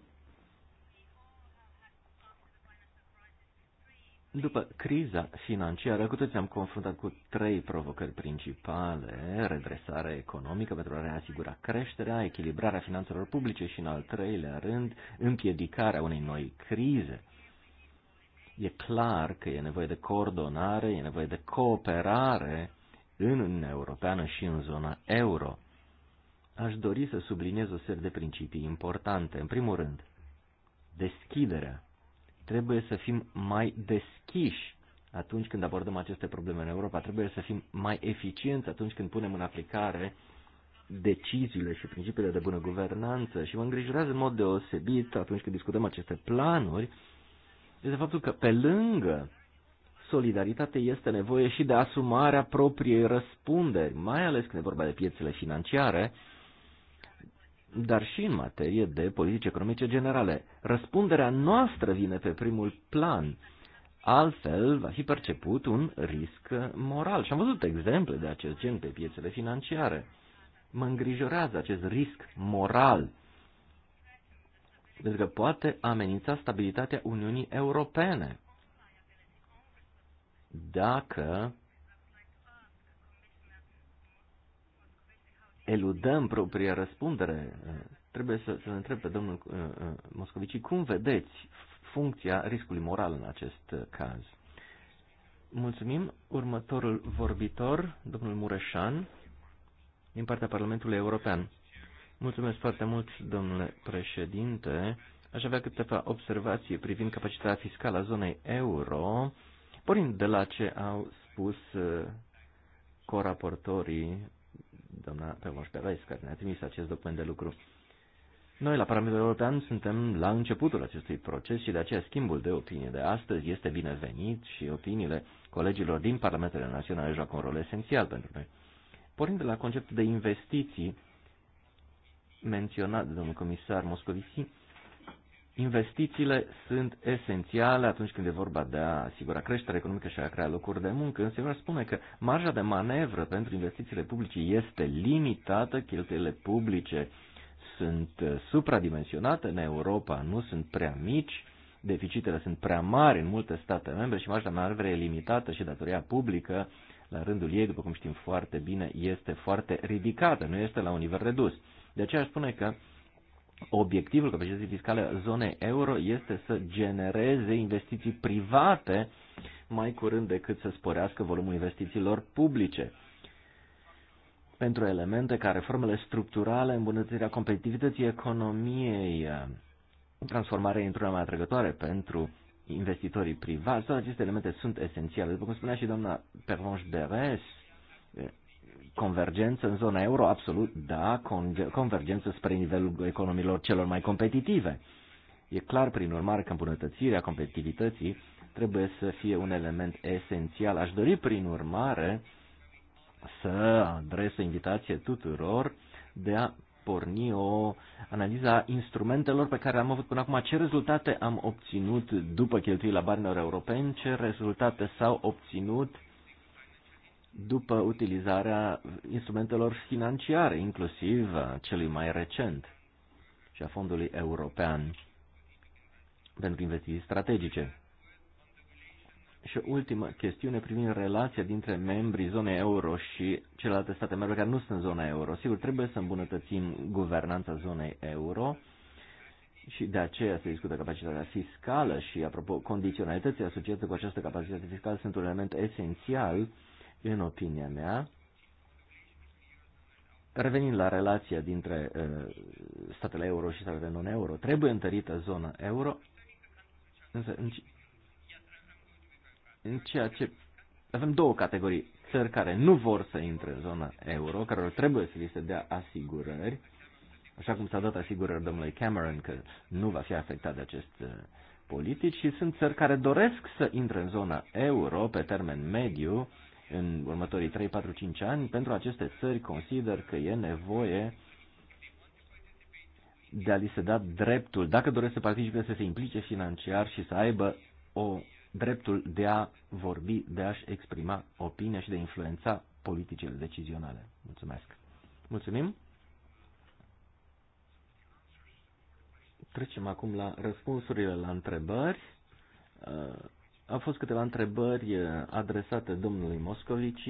După criza financiară, cu toți am confruntat cu trei provocări principale, redresarea economică pentru a reasigura creșterea, echilibrarea finanțelor publice și, în al treilea rând, împiedicarea unei noi crize. E clar că e nevoie de coordonare, e nevoie de cooperare în Uniunea Europeană și în zona euro aș dori să subliniez o serie de principii importante. În primul rând, deschiderea. Trebuie să fim mai deschiși atunci când abordăm aceste probleme în Europa. Trebuie să fim mai eficienți atunci când punem în aplicare deciziile și principiile de bună guvernanță. Și mă îngrijorează în mod deosebit atunci când discutăm aceste planuri, este faptul că pe lângă solidaritate este nevoie și de asumarea propriei răspunderi, mai ales când e vorba de piețele financiare, dar și în materie de politici economice generale. Răspunderea noastră vine pe primul plan, altfel va fi perceput un risc moral. Și am văzut exemple de acest gen pe piețele financiare. Mă îngrijorează acest risc moral, pentru că poate amenința stabilitatea Uniunii Europene dacă eludăm propria răspundere. Trebuie să, să întreb pe domnul uh, uh, Moscovici cum vedeți funcția riscului moral în acest uh, caz. Mulțumim. Următorul vorbitor, domnul Mureșan, din partea Parlamentului European. Mulțumesc foarte mult, domnule președinte. Aș avea câteva observații privind capacitatea fiscală a zonei euro, porind de la ce au spus coraportorii doamna Pevoș Perez, care ne-a trimis acest document de lucru. Noi, la Parlamentul European, suntem la începutul acestui proces și de aceea schimbul de opinie de astăzi este binevenit și opiniile colegilor din Parlamentele Naționale joacă un rol esențial pentru noi. Pornind de la conceptul de investiții menționat de domnul comisar Moscovici, Investițiile sunt esențiale atunci când e vorba de a asigura creșterea economică și a crea locuri de muncă, însă eu spune că marja de manevră pentru investițiile publice este limitată, cheltuielile publice sunt uh, supradimensionate în Europa, nu sunt prea mici, deficitele sunt prea mari în multe state membre și marja de manevră e limitată și datoria publică, la rândul ei, după cum știm foarte bine, este foarte ridicată, nu este la un nivel redus. De aceea aș spune că obiectivul capacității fiscale al zonei euro este să genereze investiții private mai curând decât să sporească volumul investițiilor publice. Pentru elemente ca reformele structurale, îmbunătățirea competitivității economiei, transformarea într-una mai atrăgătoare pentru investitorii privați, toate aceste elemente sunt esențiale. După cum spunea și doamna Pervenche Beres, Convergență în zona euro? Absolut, da, convergență spre nivelul economiilor celor mai competitive. E clar, prin urmare, că îmbunătățirea competitivității trebuie să fie un element esențial. Aș dori, prin urmare, să adres o invitație tuturor de a porni o analiză a instrumentelor pe care am avut până acum, ce rezultate am obținut după la banilor europeni, ce rezultate s-au obținut după utilizarea instrumentelor financiare, inclusiv celui mai recent și a Fondului European pentru Investiții Strategice. Și o ultimă chestiune privind relația dintre membrii zonei euro și celelalte state membre care nu sunt zona euro. Sigur, trebuie să îmbunătățim guvernanța zonei euro și de aceea se discută capacitatea fiscală și, apropo, condiționalității asociate cu această capacitate fiscală sunt un element esențial în opinia mea, revenind la relația dintre uh, statele euro și statele non-euro, trebuie întărită zona euro, însă în, în ceea ce avem două categorii, țări care nu vor să intre în zona euro, care trebuie să li se dea asigurări, așa cum s-a dat asigurări domnului Cameron că nu va fi afectat de acest uh, politici și sunt țări care doresc să intre în zona euro pe termen mediu, în următorii 3, 4, 5 ani, pentru aceste țări consider că e nevoie de a li se da dreptul, dacă doresc să participe, să se implice financiar și să aibă o dreptul de a vorbi, de a-și exprima opinia și de a influența politicile decizionale. Mulțumesc. Mulțumim. Trecem acum la răspunsurile la întrebări. Uh, au fost câteva întrebări eh, adresate domnului Moscovici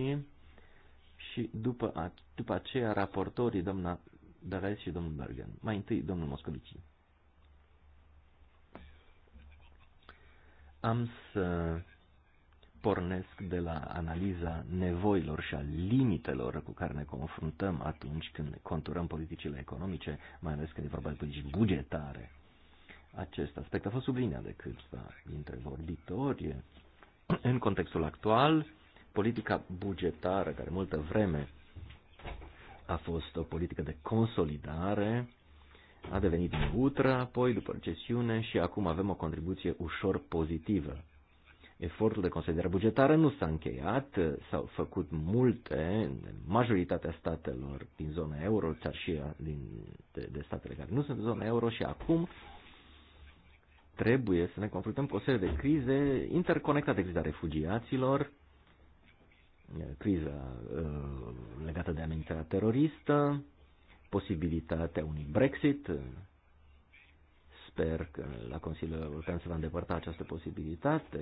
și după, a, după aceea raportorii doamna Dares și domnul Bergen. Mai întâi domnul Moscovici. Am să pornesc de la analiza nevoilor și a limitelor cu care ne confruntăm atunci când conturăm politicile economice, mai ales când e vorba de politici bugetare acest aspect a fost subliniat de câțiva dintre vorbitori. În contextul actual, politica bugetară, care multă vreme a fost o politică de consolidare, a devenit neutră, apoi după recesiune și acum avem o contribuție ușor pozitivă. Efortul de consolidare bugetară nu s-a încheiat, s-au făcut multe, majoritatea statelor din zona euro, chiar și din, de, de statele care nu sunt în zona euro și acum trebuie să ne confruntăm cu o serie de crize interconectate, criza refugiaților, criza legată de amenințarea teroristă, posibilitatea unui Brexit. Sper că la Consiliul European se va îndepărta această posibilitate.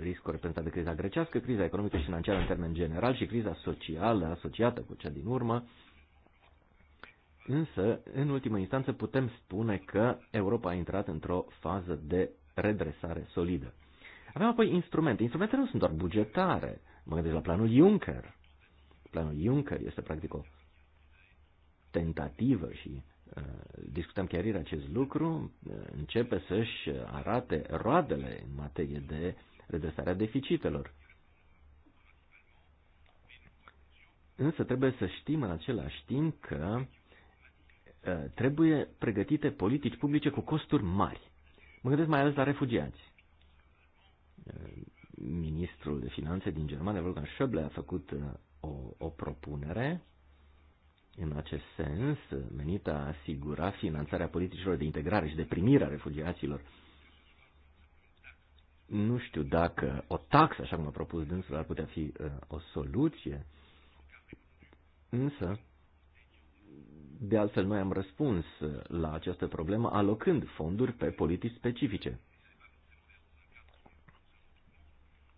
Riscul reprezentat de criza grecească, criza economică și financiară în termen general și criza socială asociată cu cea din urmă, Însă, în ultimă instanță, putem spune că Europa a intrat într-o fază de redresare solidă. Avem apoi instrumente. Instrumentele nu sunt doar bugetare. Mă gândesc la planul Juncker. Planul Juncker este practic o tentativă și uh, discutăm chiar ieri acest lucru, uh, începe să-și arate roadele în materie de redresarea deficitelor. Însă trebuie să știm în același timp că Uh, trebuie pregătite politici publice cu costuri mari. Mă gândesc mai ales la refugiați. Uh, ministrul de Finanțe din Germania, Wolfgang Schäuble, a făcut uh, o, o propunere în acest sens, menită a asigura finanțarea politicilor de integrare și de primire a refugiaților. Nu știu dacă o taxă, așa cum a propus dânsul, ar putea fi o soluție, însă de altfel, noi am răspuns la această problemă alocând fonduri pe politici specifice.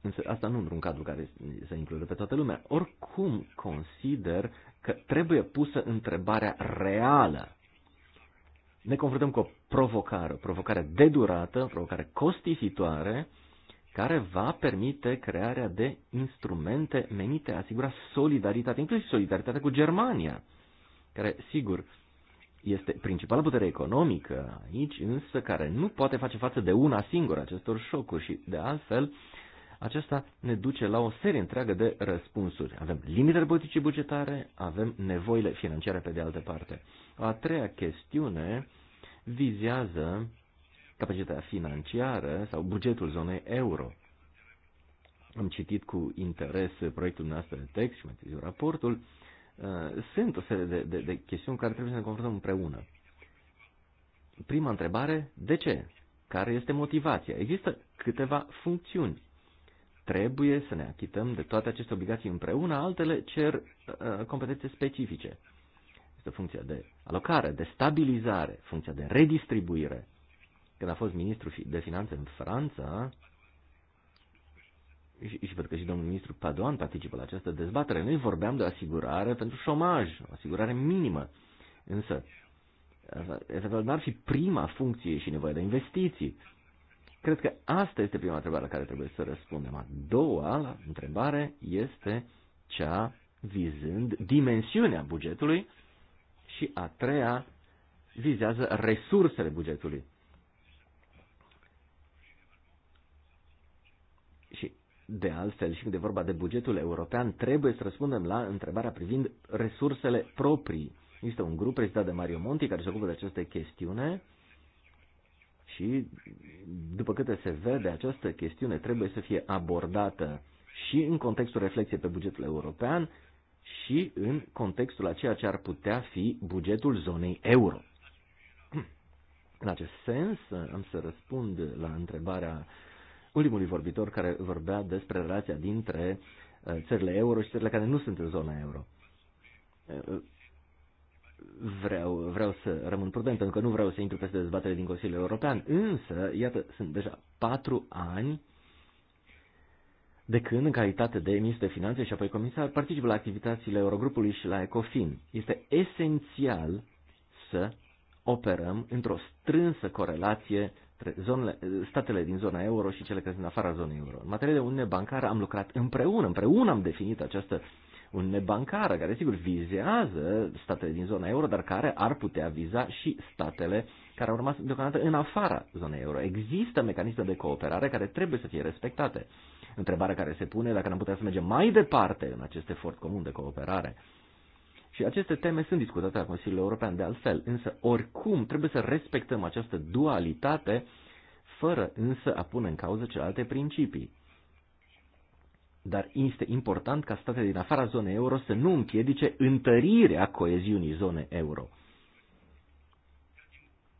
Însă asta nu într-un cadru care se include pe toată lumea. Oricum consider că trebuie pusă întrebarea reală. Ne confruntăm cu o provocare, o provocare de durată, o provocare costisitoare, care va permite crearea de instrumente menite a asigura solidaritate, inclusiv solidaritatea cu Germania care, sigur, este principala putere economică aici, însă care nu poate face față de una singură acestor șocuri și, de altfel, acesta ne duce la o serie întreagă de răspunsuri. Avem limitele politice bugetare, avem nevoile financiare pe de altă parte. A treia chestiune vizează capacitatea financiară sau bugetul zonei euro. Am citit cu interes proiectul nostru de text și mai târziu raportul. Uh, sunt o serie de, de, de chestiuni care trebuie să ne confruntăm împreună. Prima întrebare, de ce? Care este motivația? Există câteva funcțiuni. Trebuie să ne achităm de toate aceste obligații împreună, altele cer uh, competențe specifice. Este funcția de alocare, de stabilizare, funcția de redistribuire. Când a fost ministru de finanțe în Franța, și, și văd că și domnul ministru Padoan participă la această dezbatere. Noi vorbeam de asigurare pentru șomaj, o asigurare minimă. Însă, eventual n-ar fi prima funcție și nevoie de investiții. Cred că asta este prima întrebare la care trebuie să răspundem. A doua întrebare este cea vizând dimensiunea bugetului și a treia vizează resursele bugetului. de altfel și când e vorba de bugetul european, trebuie să răspundem la întrebarea privind resursele proprii. Există un grup prezidat de Mario Monti care se ocupă de această chestiune și, după câte se vede, această chestiune trebuie să fie abordată și în contextul reflexiei pe bugetul european și în contextul a ceea ce ar putea fi bugetul zonei euro. <clears throat> În acest sens, am să răspund la întrebarea uh, ultimului vorbitor care vorbea despre relația dintre uh, țările euro și țările care nu sunt în zona euro. Uh, vreau, vreau să rămân prudent pentru că nu vreau să intru peste dezbatere din Consiliul European, însă, iată, sunt deja patru ani de când, în calitate de ministru de finanțe și apoi comisar, participă la activitățile Eurogrupului și la ECOFIN. Este esențial să operăm într-o strânsă corelație zonele, statele din zona euro și cele care sunt în afara zonei euro. În materie de uniune bancară am lucrat împreună, împreună am definit această uniune bancară, care sigur vizează statele din zona euro, dar care ar putea viza și statele care au rămas deocamdată în afara zonei euro. Există mecanisme de cooperare care trebuie să fie respectate. Întrebarea care se pune dacă am putea să mergem mai departe în acest efort comun de cooperare. Și aceste teme sunt discutate la Consiliul European de altfel, însă oricum trebuie să respectăm această dualitate fără însă a pune în cauză celelalte principii. Dar este important ca statele din afara zonei euro să nu împiedice întărirea coeziunii zonei euro.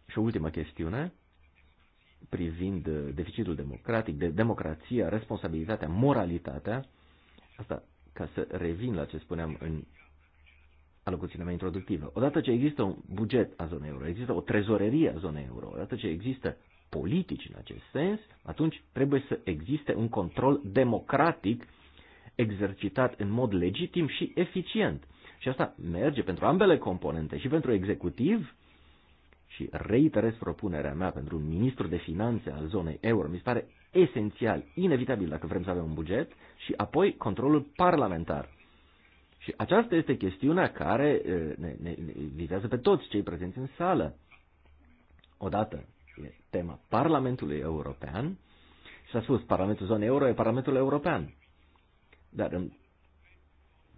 Și o ultimă chestiune privind uh, deficitul democratic, de democrația, responsabilitatea, moralitatea, asta ca să revin la ce spuneam în alocuțiile mai introductive. Odată ce există un buget a zonei euro, există o trezorerie a zonei euro, odată ce există politici în acest sens, atunci trebuie să existe un control democratic exercitat în mod legitim și eficient. Și asta merge pentru ambele componente, și pentru executiv, și reiterez propunerea mea pentru un ministru de finanțe al zonei euro, mi se pare esențial, inevitabil dacă vrem să avem un buget, și apoi controlul parlamentar. Și aceasta este chestiunea care ne, ne, ne vizează pe toți cei prezenți în sală. Odată e tema Parlamentului European și s-a spus Parlamentul Zonei Euro e Parlamentul European. Dar în,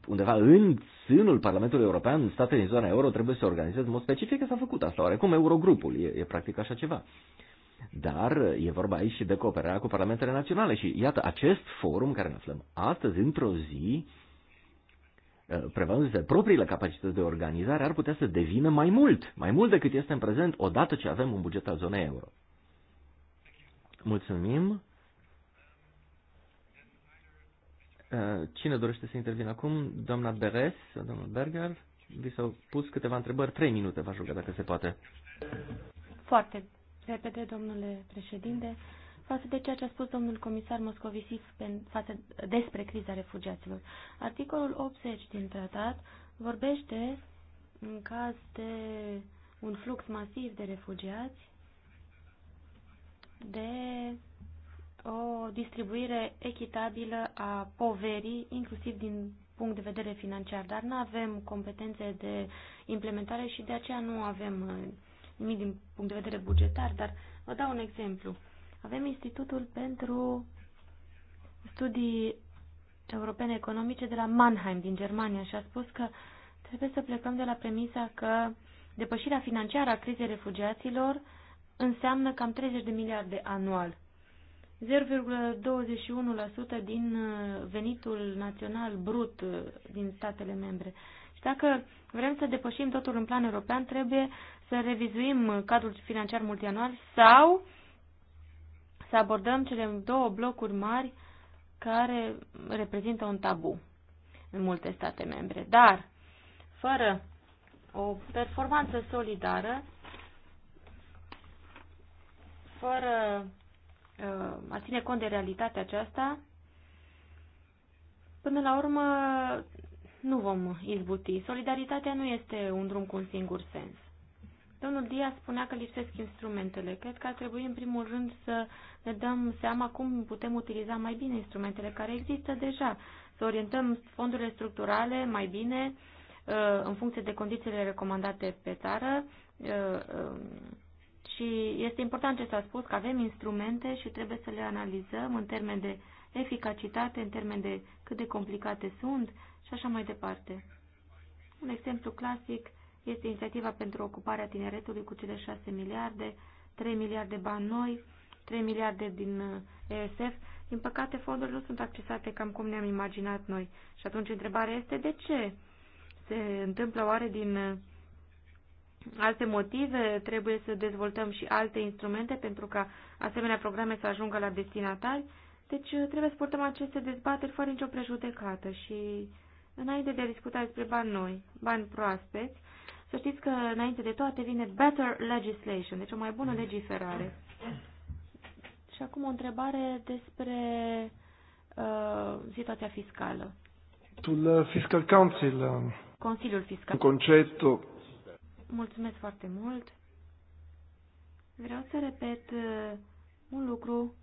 undeva în sânul Parlamentului European, în statele din zona euro, trebuie să organizeze în mod specific, că s-a făcut asta oarecum, Eurogrupul, e, e practic așa ceva. Dar e vorba aici și de cooperarea cu parlamentele naționale și iată, acest forum care ne aflăm astăzi, într-o zi, uh, Uh, prevăzute propriile capacități de organizare, ar putea să devină mai mult, mai mult decât este în prezent, odată ce avem un buget al zonei euro. Mulțumim. Uh, cine dorește să intervină acum? Doamna Beres domnul Berger? Vi s-au pus câteva întrebări. Trei minute, v-aș ruga, dacă se poate. Foarte repede, domnule președinte față de ceea ce a spus domnul comisar Moscovici față despre criza refugiaților. Articolul 80 din tratat vorbește în caz de un flux masiv de refugiați de o distribuire echitabilă a poverii, inclusiv din punct de vedere financiar, dar nu avem competențe de implementare și de aceea nu avem uh, nimic din punct de vedere bugetar, dar vă dau un exemplu. Avem Institutul pentru Studii Europene Economice de la Mannheim, din Germania, și a spus că trebuie să plecăm de la premisa că depășirea financiară a crizei refugiaților înseamnă cam 30 de miliarde anual. 0,21% din uh, venitul național brut uh, din statele membre. Și dacă vrem să depășim totul în plan european, trebuie să revizuim uh, cadrul financiar multianual sau să abordăm cele două blocuri mari care reprezintă un tabu în multe state membre. Dar, fără o performanță solidară, fără uh, a ține cont de realitatea aceasta, până la urmă nu vom izbuti. Solidaritatea nu este un drum cu un singur sens. Domnul Dia spunea că lipsesc instrumentele. Cred că ar trebui, în primul rând, să ne dăm seama cum putem utiliza mai bine instrumentele care există deja, să orientăm fondurile structurale mai bine uh, în funcție de condițiile recomandate pe țară uh, uh, și este important ce s-a spus, că avem instrumente și trebuie să le analizăm în termen de eficacitate, în termen de cât de complicate sunt și așa mai departe. Un exemplu clasic este inițiativa pentru ocuparea tineretului cu cele 6 miliarde, 3 miliarde bani noi, 3 miliarde din uh, ESF. Din păcate, fondurile nu sunt accesate cam cum ne-am imaginat noi. Și atunci întrebarea este de ce? Se întâmplă oare din uh, alte motive? Trebuie să dezvoltăm și alte instrumente pentru ca asemenea programe să ajungă la destinatari? Deci uh, trebuie să purtăm aceste dezbateri fără nicio prejudecată și înainte de a discuta despre bani noi, bani proaspeți, să știți că, înainte de toate, vine better legislation, deci o mai bună legiferare. Și acum o întrebare despre uh, situația fiscală. Sul uh, Fiscal Council. Uh, Consiliul Fiscal. Concetto. Mulțumesc foarte mult. Vreau să repet uh, un lucru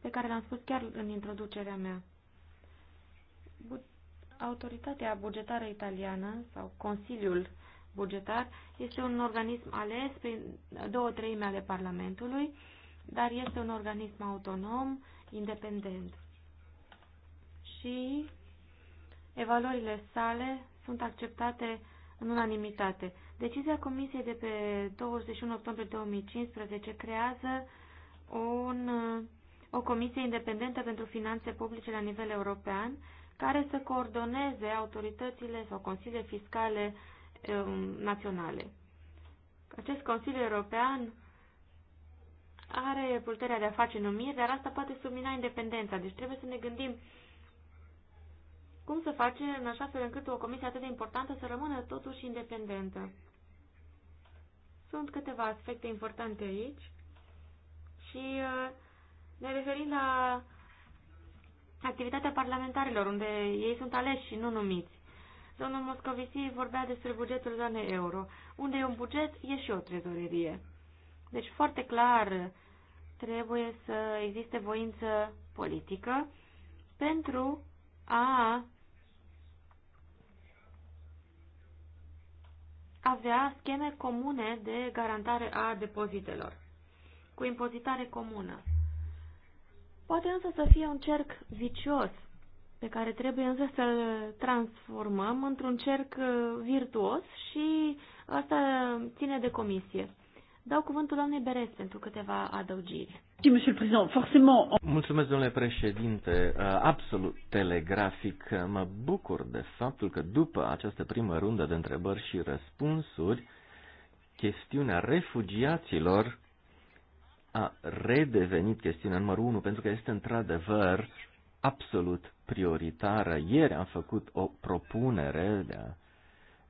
pe care l-am spus chiar în introducerea mea. Autoritatea bugetară italiană sau Consiliul bugetar este un organism ales prin două treime ale Parlamentului, dar este un organism autonom, independent. Și evaluările sale sunt acceptate în unanimitate. Decizia Comisiei de pe 21 octombrie 2015 creează un, o comisie independentă pentru finanțe publice la nivel european, care să coordoneze autoritățile sau consiliile fiscale Um, naționale. Acest Consiliu European are puterea de a face numiri, dar asta poate submina independența. Deci trebuie să ne gândim cum să facem în așa fel încât o comisie atât de importantă să rămână totuși independentă. Sunt câteva aspecte importante aici și uh, ne referim la activitatea parlamentarilor, unde ei sunt aleși și nu numiți. Domnul Moscovici vorbea despre bugetul zonei euro. Unde e un buget, e și o trezorerie. Deci foarte clar trebuie să existe voință politică pentru a avea scheme comune de garantare a depozitelor, cu impozitare comună. Poate însă să fie un cerc vicios pe care trebuie însă să-l transformăm într-un cerc uh, virtuos și asta ține de comisie. Dau cuvântul doamnei Beres pentru câteva adăugiri. Mulțumesc, domnule președinte. Uh, absolut telegrafic. Uh, mă bucur de faptul că după această primă rundă de întrebări și răspunsuri, chestiunea refugiaților a redevenit chestiunea numărul unu, pentru că este într-adevăr absolut prioritară. Ieri am făcut o propunere de a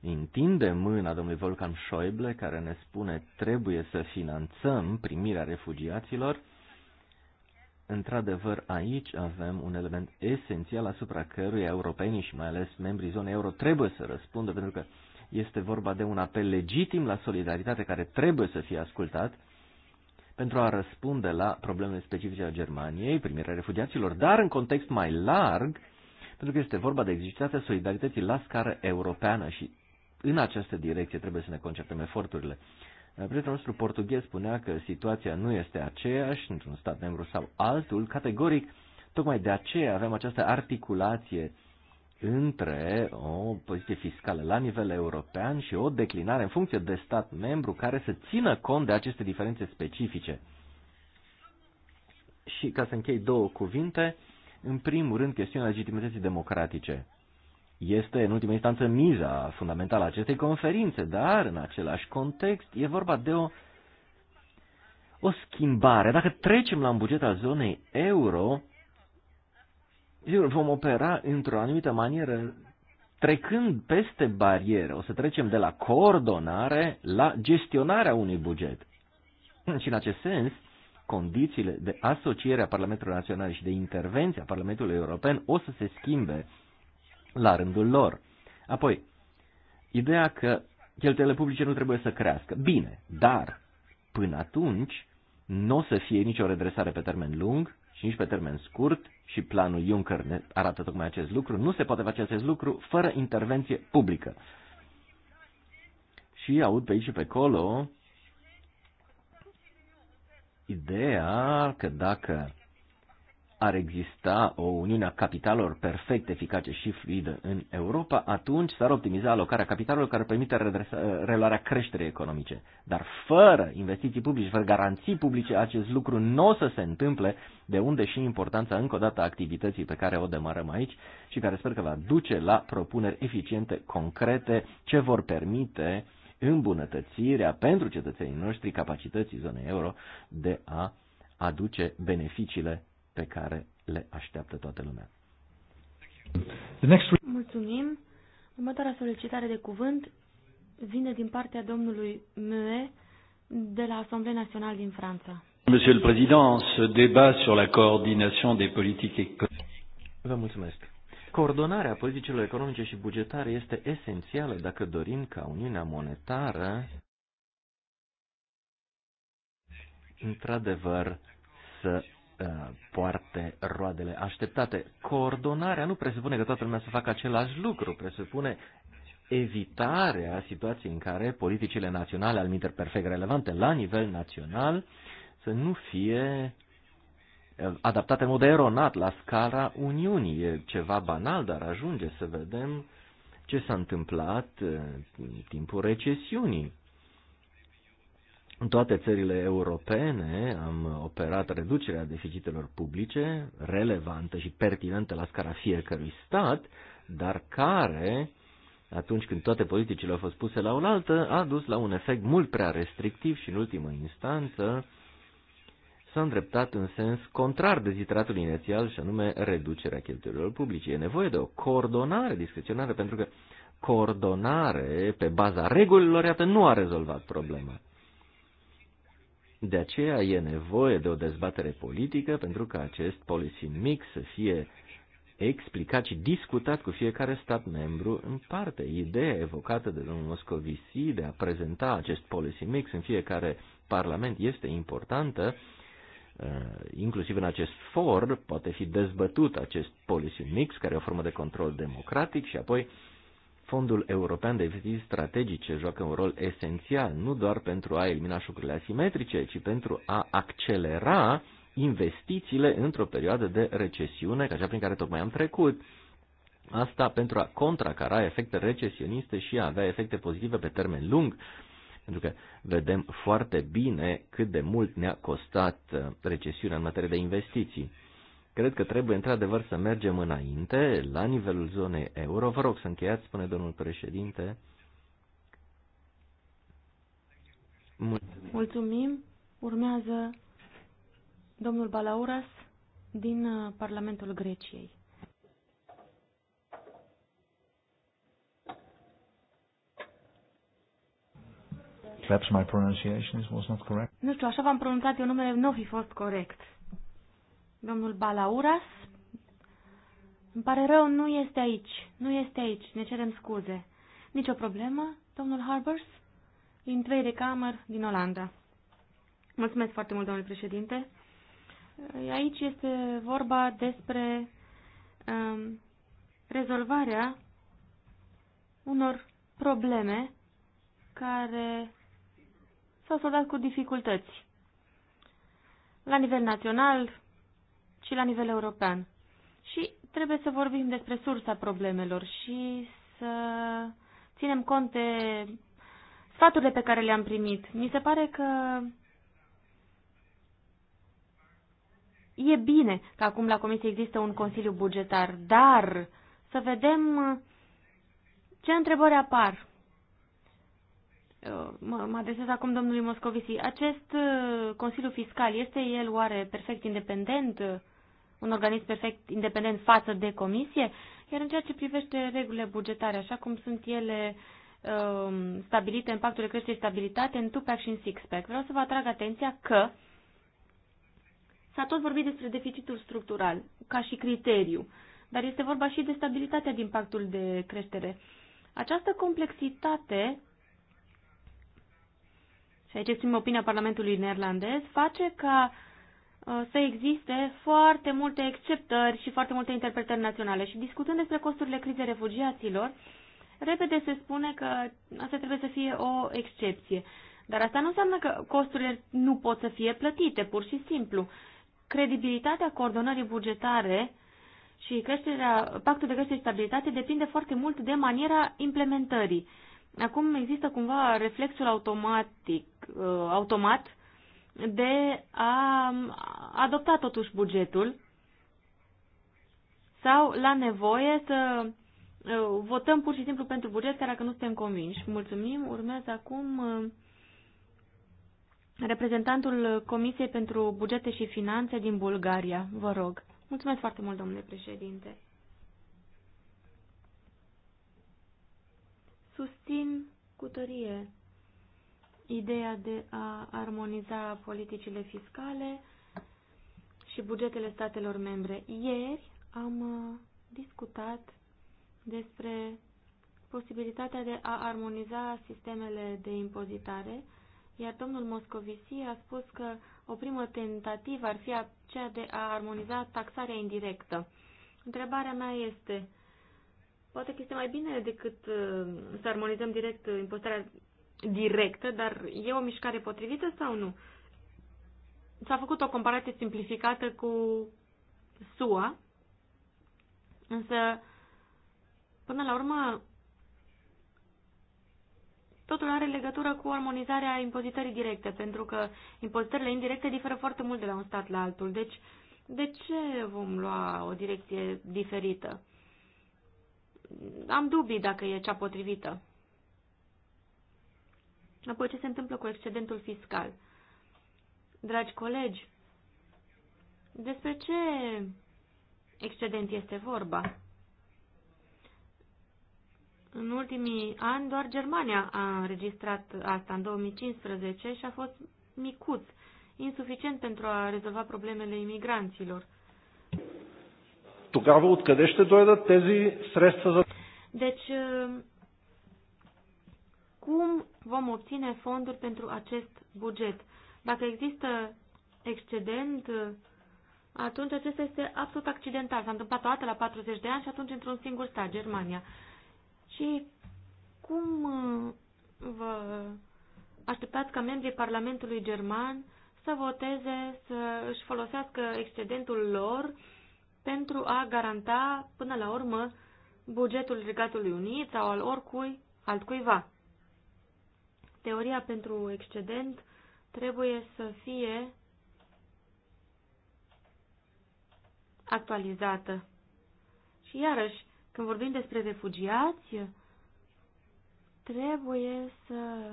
întinde mâna domnului Volcan Schäuble, care ne spune trebuie să finanțăm primirea refugiaților. Într-adevăr, aici avem un element esențial asupra căruia europenii și mai ales membrii zonei euro trebuie să răspundă, pentru că este vorba de un apel legitim la solidaritate care trebuie să fie ascultat pentru a răspunde la problemele specifice a Germaniei, primirea refugiaților, dar în context mai larg, pentru că este vorba de existența solidarității la scară europeană și în această direcție trebuie să ne concertăm eforturile. Prietenul nostru portughez spunea că situația nu este aceeași într-un stat membru sau altul, categoric, tocmai de aceea avem această articulație între o poziție fiscală la nivel european și o declinare în funcție de stat membru care să țină cont de aceste diferențe specifice. Și ca să închei două cuvinte, în primul rând chestiunea legitimității democratice. Este în ultima instanță miza fundamentală a acestei conferințe, dar în același context e vorba de o, o schimbare. Dacă trecem la un buget al zonei euro, Sigur, vom opera într-o anumită manieră trecând peste bariere. O să trecem de la coordonare la gestionarea unui buget. Și în acest sens, condițiile de asociere a Parlamentului Național și de intervenție a Parlamentului European o să se schimbe la rândul lor. Apoi, ideea că cheltuielile publice nu trebuie să crească. Bine, dar până atunci nu o să fie nicio redresare pe termen lung, și nici pe termen scurt, și planul Juncker ne arată tocmai acest lucru, nu se poate face acest lucru fără intervenție publică. Și aud pe aici și pe acolo ideea că dacă ar exista o uniune a capitalelor perfect eficace și fluidă în Europa, atunci s-ar optimiza alocarea capitalului care permite redresa, reluarea creșterii economice. Dar fără investiții publice, fără garanții publice, acest lucru nu o să se întâmple, de unde și importanța încă o dată a activității pe care o demarăm aici și care sper că va duce la propuneri eficiente, concrete, ce vor permite îmbunătățirea pentru cetățenii noștri capacității zonei euro de a aduce beneficiile pe care le așteaptă toată lumea. Mulțumim. Următoarea solicitare de cuvânt vine din partea domnului Mue de la Asamblea Națională din Franța. Monsieur le Président, ce débat sur la coordination des politiques économiques. Vă mulțumesc. Coordonarea politicilor economice și bugetare este esențială dacă dorim ca Uniunea Monetară într-adevăr să Uh, poarte roadele așteptate. Coordonarea nu presupune că toată lumea să facă același lucru, presupune evitarea situației în care politicile naționale, al perfect relevante la nivel național, să nu fie uh, adaptate în mod eronat la scara Uniunii. E ceva banal, dar ajunge să vedem ce s-a întâmplat uh, în timpul recesiunii. În toate țările europene am operat reducerea deficitelor publice, relevantă și pertinentă la scara fiecărui stat, dar care, atunci când toate politicile au fost puse la oaltă, a dus la un efect mult prea restrictiv și, în ultimă instanță, s-a îndreptat în sens contrar dezitratului inițial, și anume reducerea cheltuielilor publice. E nevoie de o coordonare discreționară, pentru că coordonare pe baza regulilor, iată, nu a rezolvat problema. De aceea e nevoie de o dezbatere politică pentru ca acest policy mix să fie explicat și discutat cu fiecare stat membru în parte. Ideea evocată de domnul Moscovici de a prezenta acest policy mix în fiecare parlament este importantă, uh, inclusiv în acest for poate fi dezbătut acest policy mix, care e o formă de control democratic și apoi Fondul European de Investiții Strategice joacă un rol esențial, nu doar pentru a elimina șocurile asimetrice, ci pentru a accelera investițiile într-o perioadă de recesiune, ca cea prin care tocmai am trecut. Asta pentru a contracara efecte recesioniste și a avea efecte pozitive pe termen lung, pentru că vedem foarte bine cât de mult ne-a costat uh, recesiunea în materie de investiții. Cred că trebuie într-adevăr să mergem înainte la nivelul zonei euro. Vă rog să încheiați, spune domnul președinte. Mulțumim. Mulțumim. Urmează domnul Balauras din uh, Parlamentul Greciei. Perhaps my pronunciation was not correct. Nu știu, așa v-am pronunțat eu numele, nu fi fost corect. Domnul Balauras, îmi pare rău, nu este aici, nu este aici, ne cerem scuze. Nicio problemă, domnul Harbers? Din trei de camer din Olanda. Mulțumesc foarte mult, domnule președinte. Aici este vorba despre um, rezolvarea unor probleme care s-au soldat cu dificultăți. La nivel național, și la nivel european. Și trebuie să vorbim despre sursa problemelor și să ținem cont de sfaturile pe care le-am primit. Mi se pare că e bine că acum la Comisie există un Consiliu Bugetar, dar să vedem uh, ce întrebări apar. Uh, mă adresez acum domnului Moscovici. Acest uh, Consiliu Fiscal, este el oare perfect independent? un organism perfect independent față de comisie, iar în ceea ce privește regulile bugetare, așa cum sunt ele um, stabilite în pactul de creștere și stabilitate, în tupac și în six-pack, vreau să vă atrag atenția că s-a tot vorbit despre deficitul structural ca și criteriu, dar este vorba și de stabilitatea din pactul de creștere. Această complexitate și aici exprim opinia Parlamentului neerlandez, face ca Uh, să existe foarte multe exceptări și foarte multe interpretări naționale. Și discutând despre costurile crizei refugiaților, repede se spune că asta trebuie să fie o excepție. Dar asta nu înseamnă că costurile nu pot să fie plătite, pur și simplu. Credibilitatea coordonării bugetare și creșterea, pactul de creștere și stabilitate depinde foarte mult de maniera implementării. Acum există cumva reflexul automatic, uh, automat de a adopta totuși bugetul sau, la nevoie, să uh, votăm pur și simplu pentru buget, chiar dacă nu suntem convinși. Mulțumim. Urmează acum uh, reprezentantul Comisiei pentru Bugete și Finanțe din Bulgaria. Vă rog. Mulțumesc foarte mult, domnule președinte. Susțin cu tărie ideea de a armoniza politicile fiscale și bugetele statelor membre. Ieri am uh, discutat despre posibilitatea de a armoniza sistemele de impozitare, iar domnul Moscovici a spus că o primă tentativă ar fi aceea de a armoniza taxarea indirectă. Întrebarea mea este, poate că este mai bine decât uh, să armonizăm direct impozitarea directă, dar e o mișcare potrivită sau nu? S-a făcut o comparație simplificată cu SUA, însă, până la urmă, totul are legătură cu armonizarea impozitării directe, pentru că impozitările indirecte diferă foarte mult de la un stat la altul. Deci, de ce vom lua o direcție diferită? Am dubii dacă e cea potrivită. Apoi ce se întâmplă cu excedentul fiscal? Dragi colegi, despre ce excedent este vorba? În ultimii ani, doar Germania a înregistrat asta în 2015 și a fost micuț, insuficient pentru a rezolva problemele imigranților. Тогава откъде ще дойдат тези Deci, cum vom obține fonduri pentru acest buget. Dacă există excedent, atunci acesta este absolut accidental. S-a întâmplat toată la 40 de ani și atunci într-un singur stat, Germania. Și cum uh, vă așteptați ca membrii Parlamentului German să voteze, să își folosească excedentul lor pentru a garanta, până la urmă, bugetul Regatului Unit sau al oricui, altcuiva teoria pentru excedent trebuie să fie actualizată. Și iarăși, când vorbim despre refugiați, trebuie să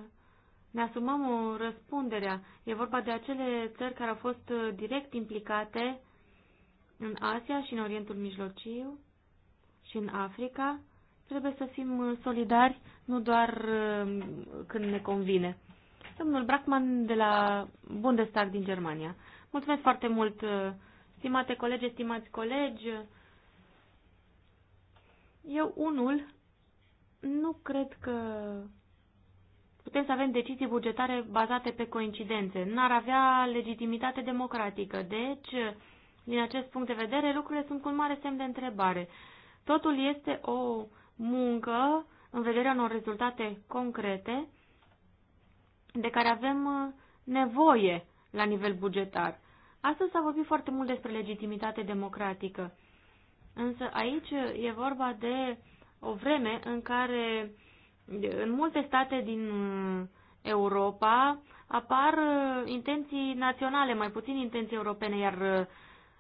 ne asumăm o răspundere. E vorba de acele țări care au fost direct implicate în Asia și în Orientul Mijlociu și în Africa, Trebuie să fim uh, solidari, nu doar uh, când ne convine. Domnul Brackman de la Bundestag din Germania. Mulțumesc foarte mult, uh, stimate colegi, stimați colegi. Eu, unul, nu cred că putem să avem decizii bugetare bazate pe coincidențe. N-ar avea legitimitate democratică. Deci, din acest punct de vedere, lucrurile sunt cu un mare semn de întrebare. Totul este o muncă în vederea unor rezultate concrete de care avem uh, nevoie la nivel bugetar. Astăzi s-a vorbit foarte mult despre legitimitate democratică, însă aici e vorba de o vreme în care în multe state din uh, Europa apar uh, intenții naționale, mai puțin intenții europene, iar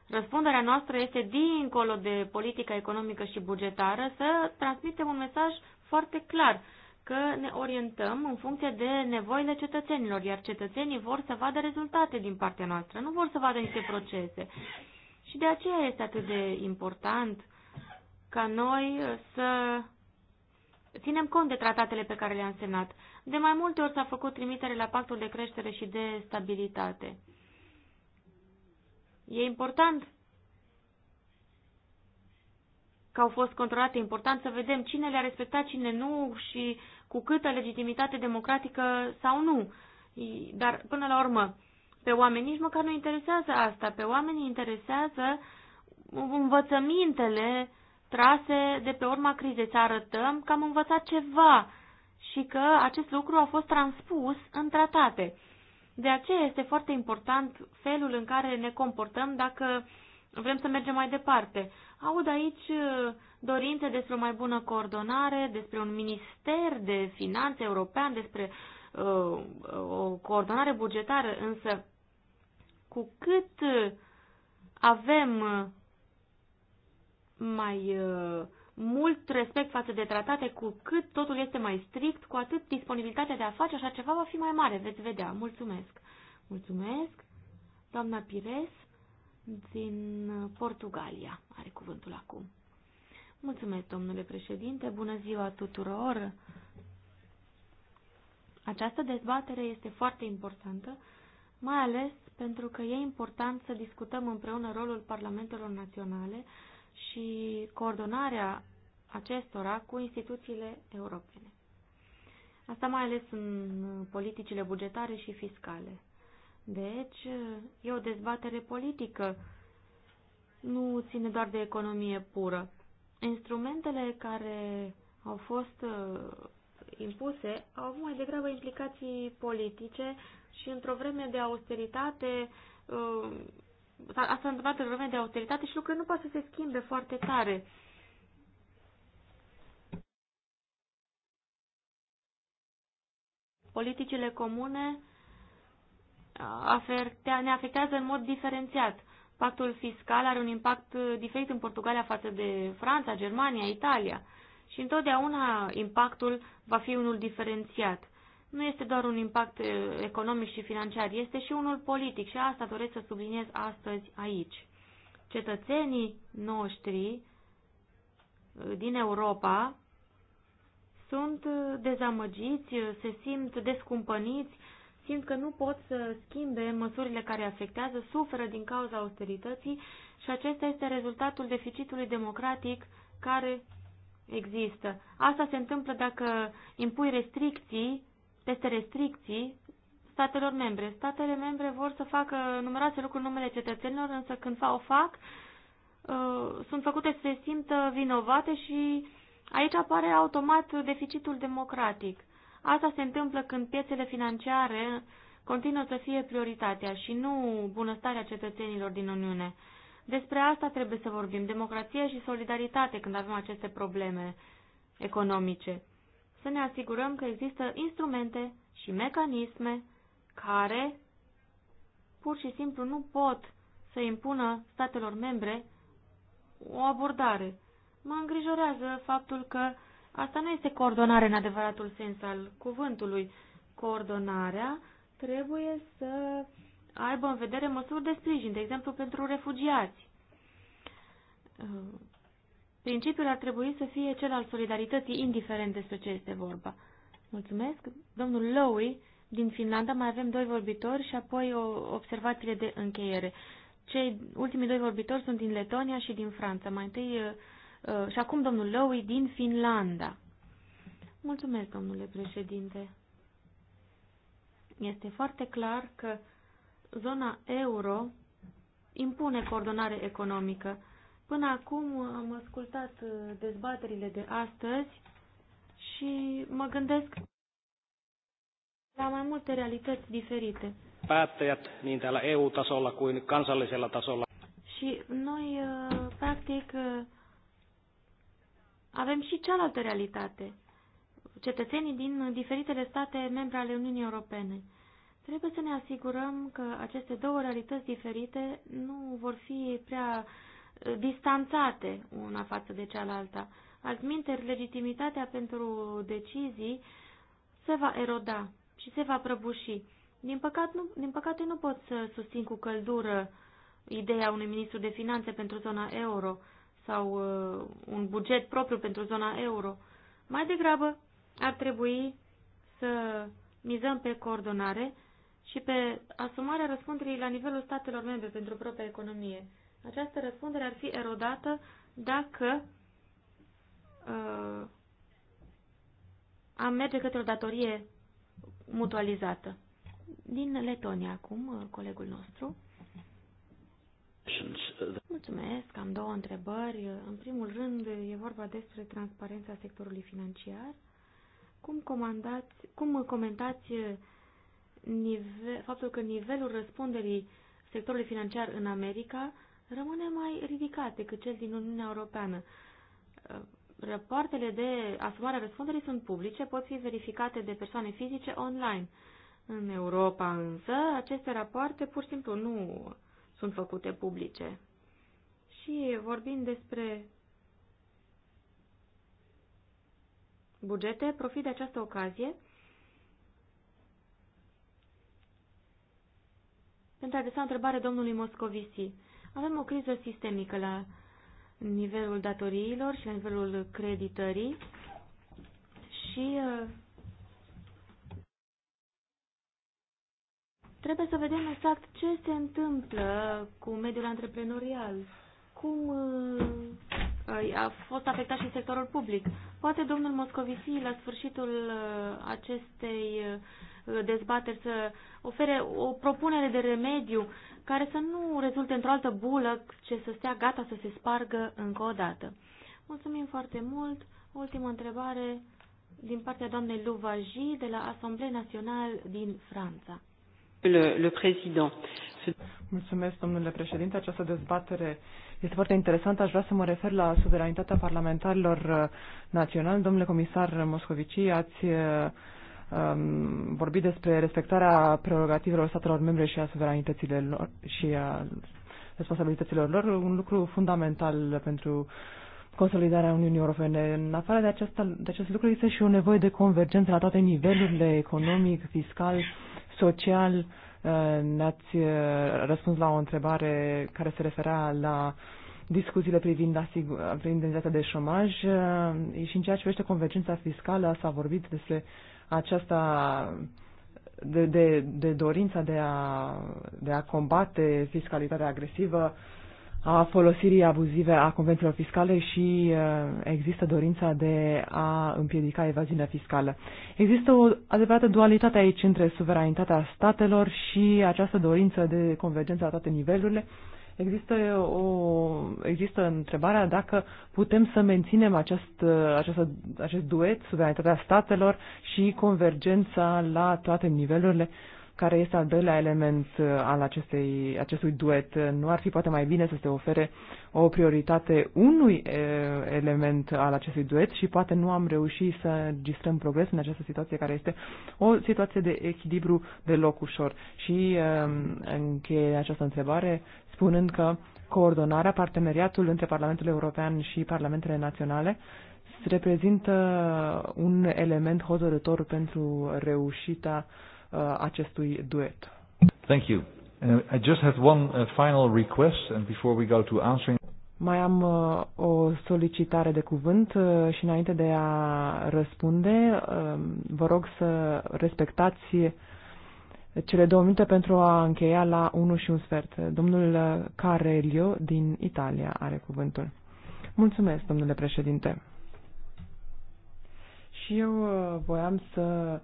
Răspunderea noastră este dincolo de politica economică și bugetară să transmitem un mesaj foarte clar că ne orientăm în funcție de nevoile cetățenilor, iar cetățenii vor să vadă rezultate din partea noastră, nu vor să vadă niște procese. Și de aceea este atât de important ca noi să ținem cont de tratatele pe care le-am semnat. De mai multe ori s-a făcut trimitere la pactul de creștere și de stabilitate. E important că au fost controlate. E important să vedem cine le-a respectat, cine nu și cu câtă legitimitate democratică sau nu. Dar, până la urmă, pe oameni nici măcar nu interesează asta. Pe oameni interesează învățămintele trase de pe urma crizei. Să arătăm că am învățat ceva și că acest lucru a fost transpus în tratate. De aceea este foarte important felul în care ne comportăm dacă vrem să mergem mai departe. Aud aici uh, dorințe despre o mai bună coordonare, despre un minister de finanțe european, despre uh, o coordonare bugetară, însă cu cât uh, avem uh, mai uh, mult respect față de tratate, cu cât totul este mai strict, cu atât disponibilitatea de a face așa ceva va fi mai mare, veți vedea. Mulțumesc! Mulțumesc! Doamna Pires din Portugalia are cuvântul acum. Mulțumesc, domnule președinte, bună ziua tuturor! Această dezbatere este foarte importantă, mai ales pentru că e important să discutăm împreună rolul parlamentelor naționale, și coordonarea acestora cu instituțiile europene. Asta mai ales în politicile bugetare și fiscale. Deci, e o dezbatere politică, nu ține doar de economie pură. Instrumentele care au fost uh, impuse au avut mai degrabă implicații politice și într-o vreme de austeritate uh, asta s-a întâmplat în de autoritate și lucrurile nu pot să se schimbe foarte tare. Politicile comune ne afectează în mod diferențiat. Pactul fiscal are un impact diferit în Portugalia față de Franța, Germania, Italia și întotdeauna impactul va fi unul diferențiat nu este doar un impact economic și financiar, este și unul politic și asta doresc să subliniez astăzi aici. Cetățenii noștri din Europa sunt dezamăgiți, se simt descumpăniți, simt că nu pot să schimbe măsurile care afectează, suferă din cauza austerității și acesta este rezultatul deficitului democratic care există. Asta se întâmplă dacă impui restricții peste restricții statelor membre. Statele membre vor să facă numeroase lucruri în numele cetățenilor, însă când o fac, uh, sunt făcute să se simtă vinovate și aici apare automat deficitul democratic. Asta se întâmplă când piețele financiare continuă să fie prioritatea și nu bunăstarea cetățenilor din Uniune. Despre asta trebuie să vorbim, democrație și solidaritate când avem aceste probleme economice să ne asigurăm că există instrumente și mecanisme care pur și simplu nu pot să impună statelor membre o abordare. Mă îngrijorează faptul că asta nu este coordonare în adevăratul sens al cuvântului. Coordonarea trebuie să aibă în vedere măsuri de sprijin, de exemplu pentru refugiați. Principiul ar trebui să fie cel al solidarității, indiferent despre ce este vorba. Mulțumesc. Domnul Lowy din Finlanda, mai avem doi vorbitori și apoi o observație de încheiere. Cei ultimii doi vorbitori sunt din Letonia și din Franța. Mai întâi, uh, uh, și acum domnul Lowy din Finlanda. Mulțumesc, domnule președinte. Este foarte clar că zona euro impune coordonare economică Până acum am ascultat uh, dezbaterile de astăzi și mă gândesc la mai multe realități diferite. Päättäjät niin täällä EU-tasolla kuin kansallisella tasolla. Și noi, uh, practic, uh, avem și cealaltă realitate. Cetățenii din diferitele state membre ale Uniunii Europene. Trebuie să ne asigurăm că aceste două realități diferite nu vor fi prea distanțate una față de cealaltă. Altminteri, legitimitatea pentru decizii se va eroda și se va prăbuși. Din, păcat, nu, din păcate nu pot să susțin cu căldură ideea unui ministru de finanțe pentru zona euro sau uh, un buget propriu pentru zona euro. Mai degrabă ar trebui să mizăm pe coordonare și pe asumarea răspunderii la nivelul statelor membre pentru propria economie această răspundere ar fi erodată dacă uh, am merge către o datorie mutualizată. Din Letonia acum, uh, colegul nostru. Mulțumesc, am două întrebări. În primul rând, e vorba despre transparența sectorului financiar. Cum, comandați, cum comentați uh, nivel, faptul că nivelul răspunderii sectorului financiar în America rămâne mai ridicat decât cel din Uniunea Europeană. Uh, Rapoartele de asumare a răspunderii sunt publice, pot fi verificate de persoane fizice online. În Europa însă, aceste rapoarte pur și simplu nu sunt făcute publice. Și vorbind despre bugete, profit de această ocazie pentru a adresa o întrebare domnului Moscovici. Avem o criză sistemică la nivelul datoriilor și la nivelul creditării și uh, trebuie să vedem exact ce se întâmplă cu mediul antreprenorial, cum uh, a fost afectat și sectorul public. Poate domnul Moscovici, la sfârșitul uh, acestei uh, dezbateri, să ofere o propunere de remediu care să nu rezulte într-o altă bulă, ce să stea gata să se spargă încă o dată. Mulțumim foarte mult. Ultima întrebare din partea doamnei Louvagie de la Asamblea Națională din Franța le, le président. Mulțumesc, domnule președinte. Această dezbatere este foarte interesantă. Aș vrea să mă refer la suveranitatea parlamentarilor uh, naționali. Domnule comisar Moscovici, ați uh, um, vorbit despre respectarea prerogativelor statelor membre și a suveranităților lor și a responsabilităților lor, un lucru fundamental pentru consolidarea Uniunii Europene. În afară de, aceasta, de acest lucru există și o nevoie de convergență la toate nivelurile, economic, fiscal social uh, ne-ați uh, răspuns la o întrebare care se referea la discuțiile privind, privind indemnitatea de șomaj uh, și în ceea ce privește convergența fiscală s-a vorbit despre aceasta de, de, de dorința de a, de a combate fiscalitatea agresivă a folosirii abuzive a convențiilor fiscale și uh, există dorința de a împiedica evaziunea fiscală. Există o adevărată dualitate aici între suveranitatea statelor și această dorință de convergență la toate nivelurile. Există, o, există întrebarea dacă putem să menținem acest, uh, acest, acest duet, suveranitatea statelor și convergența la toate nivelurile, care este al doilea element uh, al acestei, acestui duet. Nu ar fi poate mai bine să se ofere o prioritate unui uh, element al acestui duet și poate nu am reușit să registrăm progres în această situație care este o situație de echilibru deloc ușor. Și um, încheie această întrebare spunând că coordonarea, parteneriatul între Parlamentul European și Parlamentele Naționale reprezintă un element hotărător pentru reușita uh, Uh, acestui duet. Thank you. Uh, I just have one uh, final request and before we go to answering mai am uh, o solicitare de cuvânt uh, și înainte de a răspunde, uh, vă rog să respectați cele două minute pentru a încheia la 1 și un sfert. Domnul Carelio din Italia are cuvântul. Mulțumesc, domnule președinte. Și eu voiam să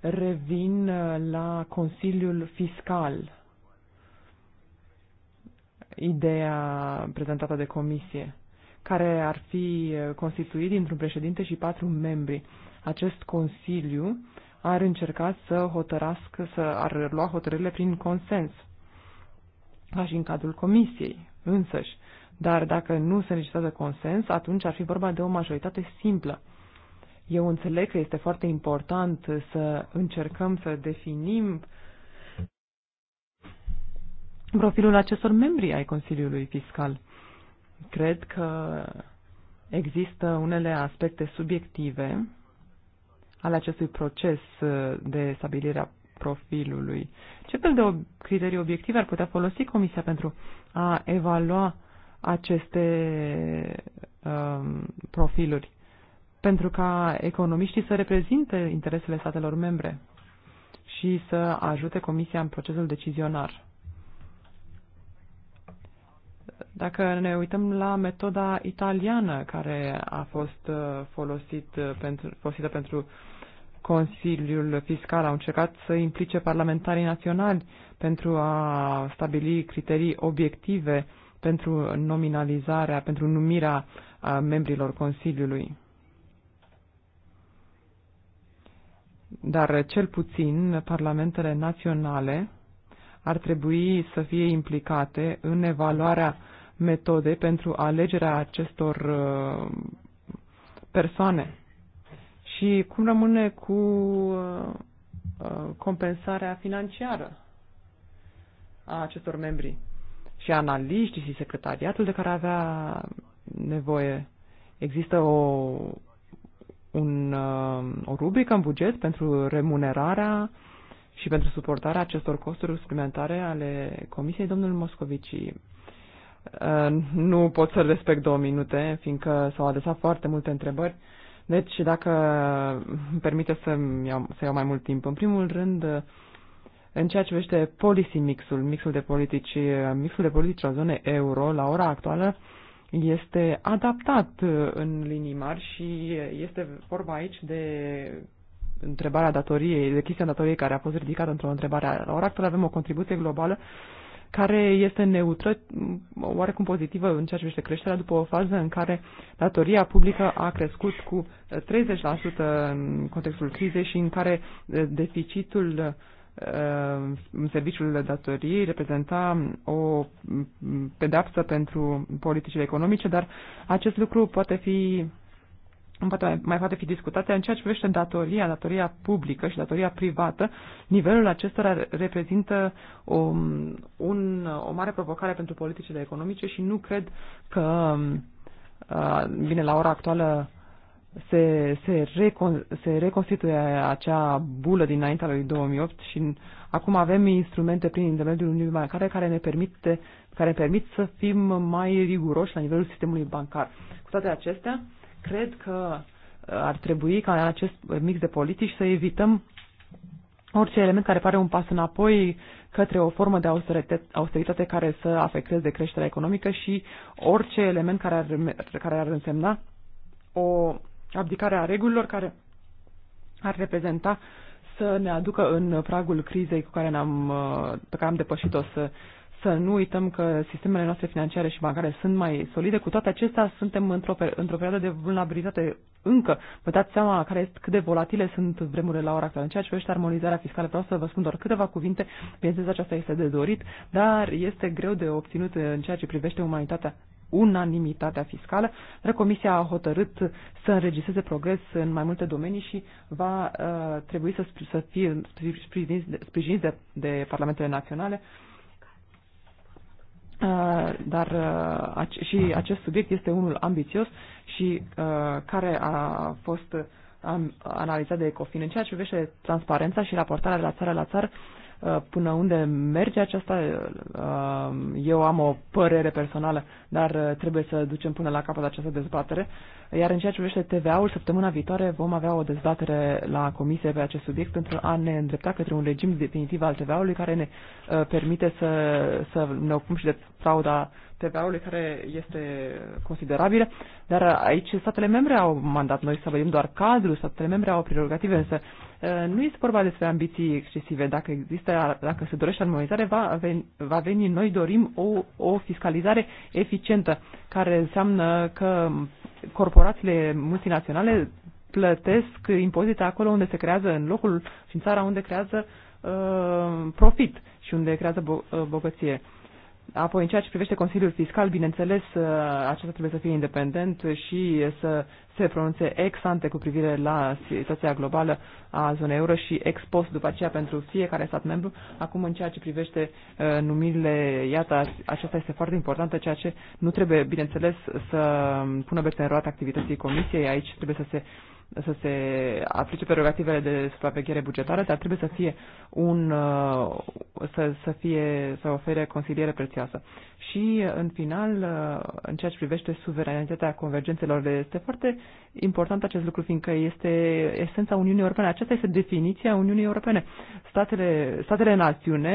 revin uh, la Consiliul Fiscal, ideea prezentată de comisie, care ar fi uh, constituit dintr-un președinte și patru membri. Acest Consiliu ar încerca să hotărască, să ar lua hotărârile prin consens, ca și în cadrul comisiei însăși. Dar dacă nu se necesitează consens, atunci ar fi vorba de o majoritate simplă. Eu înțeleg că este foarte important să încercăm să definim profilul acestor membri ai Consiliului Fiscal. Cred că există unele aspecte subiective ale acestui proces de stabilire a profilului. Ce fel de criterii obiective ar putea folosi Comisia pentru a evalua aceste um, profiluri? pentru ca economiștii să reprezinte interesele statelor membre și să ajute Comisia în procesul decizionar. Dacă ne uităm la metoda italiană care a fost uh, folosit pentru, folosită pentru Consiliul Fiscal, au încercat să implice parlamentarii naționali pentru a stabili criterii obiective pentru nominalizarea, pentru numirea uh, membrilor Consiliului. Dar cel puțin parlamentele naționale ar trebui să fie implicate în evaluarea metodei pentru alegerea acestor uh, persoane. Și cum rămâne cu uh, uh, compensarea financiară a acestor membri și analiștii și secretariatul de care avea nevoie. Există o un, uh, o rubrică în buget pentru remunerarea și pentru suportarea acestor costuri suplimentare ale Comisiei, domnul Moscovici. Uh, nu pot să respect două minute, fiindcă s-au adresat foarte multe întrebări. Deci, dacă îmi permite să iau, să iau mai mult timp, în primul rând, în ceea ce vește policy mixul, mixul de politici, mixul de politici la zone euro, la ora actuală, este adaptat uh, în linii mari și este vorba aici de întrebarea datoriei, de chestia datoriei care a fost ridicată într-o întrebare. La ora actuală avem o contribuție globală care este neutră, oarecum pozitivă în ceea ce privește creșterea, după o fază în care datoria publică a crescut cu 30% în contextul crizei și în care uh, deficitul uh, Uh, serviciul de datorii reprezenta o pedapsă pentru politicile economice, dar acest lucru poate fi poate, mai poate fi discutat în ceea ce privește datoria, datoria publică și datoria privată, nivelul acestora reprezintă o, un, o mare provocare pentru politicile economice și nu cred că, bine, uh, la ora actuală se, se, recon, se reconstituie acea bulă dinaintea lui 2008 și acum avem instrumente prin intermediul Uniunii Bancare care ne permite, care permit să fim mai riguroși la nivelul sistemului bancar. Cu toate acestea, cred că uh, ar trebui ca în acest mix de politici să evităm orice element care pare un pas înapoi către o formă de austeritate, austeritate care să afecteze creșterea economică și orice element care ar, care ar însemna o abdicarea regulilor care ar reprezenta să ne aducă în pragul crizei cu care am uh, pe care am depășit-o să să nu uităm că sistemele noastre financiare și bancare sunt mai solide. Cu toate acestea, suntem într-o, într perioadă de vulnerabilitate încă. Vă dați seama care este, cât de volatile sunt vremurile la ora actuală. În ceea ce privește armonizarea fiscală, vreau să vă spun doar câteva cuvinte. Bineînțeles, aceasta este de dorit, dar este greu de obținut în ceea ce privește umanitatea unanimitatea fiscală, dar Comisia a hotărât să înregistreze progres în mai multe domenii și va uh, trebui să, să fie sprijinit de, de, de Parlamentele Naționale. Uh, dar uh, ac- și acest subiect este unul ambițios și uh, care a fost uh, analizat de Ecofin. În ceea ce privește transparența și raportarea de la țară la țară, uh, Uh, până unde merge aceasta. Uh, eu am o părere personală, dar uh, trebuie să ducem până la capăt această dezbatere. Iar în ceea ce privește TVA-ul, săptămâna viitoare vom avea o dezbatere la comisie pe acest subiect pentru a ne îndrepta către un regim definitiv al TVA-ului care ne permite să, să ne ocupăm și de frauda TVA-ului care este considerabilă, dar aici statele membre au mandat, noi să vedem doar cadrul, statele membre au prerogative, însă Eh, nu este vorba despre ambiții excesive. Dacă există, dacă se dorește armonizare, va veni, va veni. Noi dorim o, o fiscalizare eficientă, care înseamnă că corporațiile multinaționale plătesc impozite acolo unde se creează, în locul și în țara unde creează uh, profit și unde creează bo- eh, bogăție. Apoi, în ceea ce privește Consiliul Fiscal, bineînțeles, uh, acesta trebuie să fie independent și să se pronunțe ex ante cu privire la situația globală a zonei euro și ex post după aceea pentru fiecare stat membru. Acum, în ceea ce privește uh, numirile, iată, aceasta este foarte importantă, ceea ce nu trebuie, bineînțeles, să pună bețe în roată activității Comisiei. Aici trebuie să se să se aplice prerogativele de supraveghere bugetară, dar trebuie să fie un uh, să, să fie să ofere consiliere prețioasă. Și în final, uh, în ceea ce privește suveranitatea convergențelor, este foarte important acest lucru, fiindcă este esența Uniunii Europene. Aceasta este definiția Uniunii Europene. Statele, statele națiune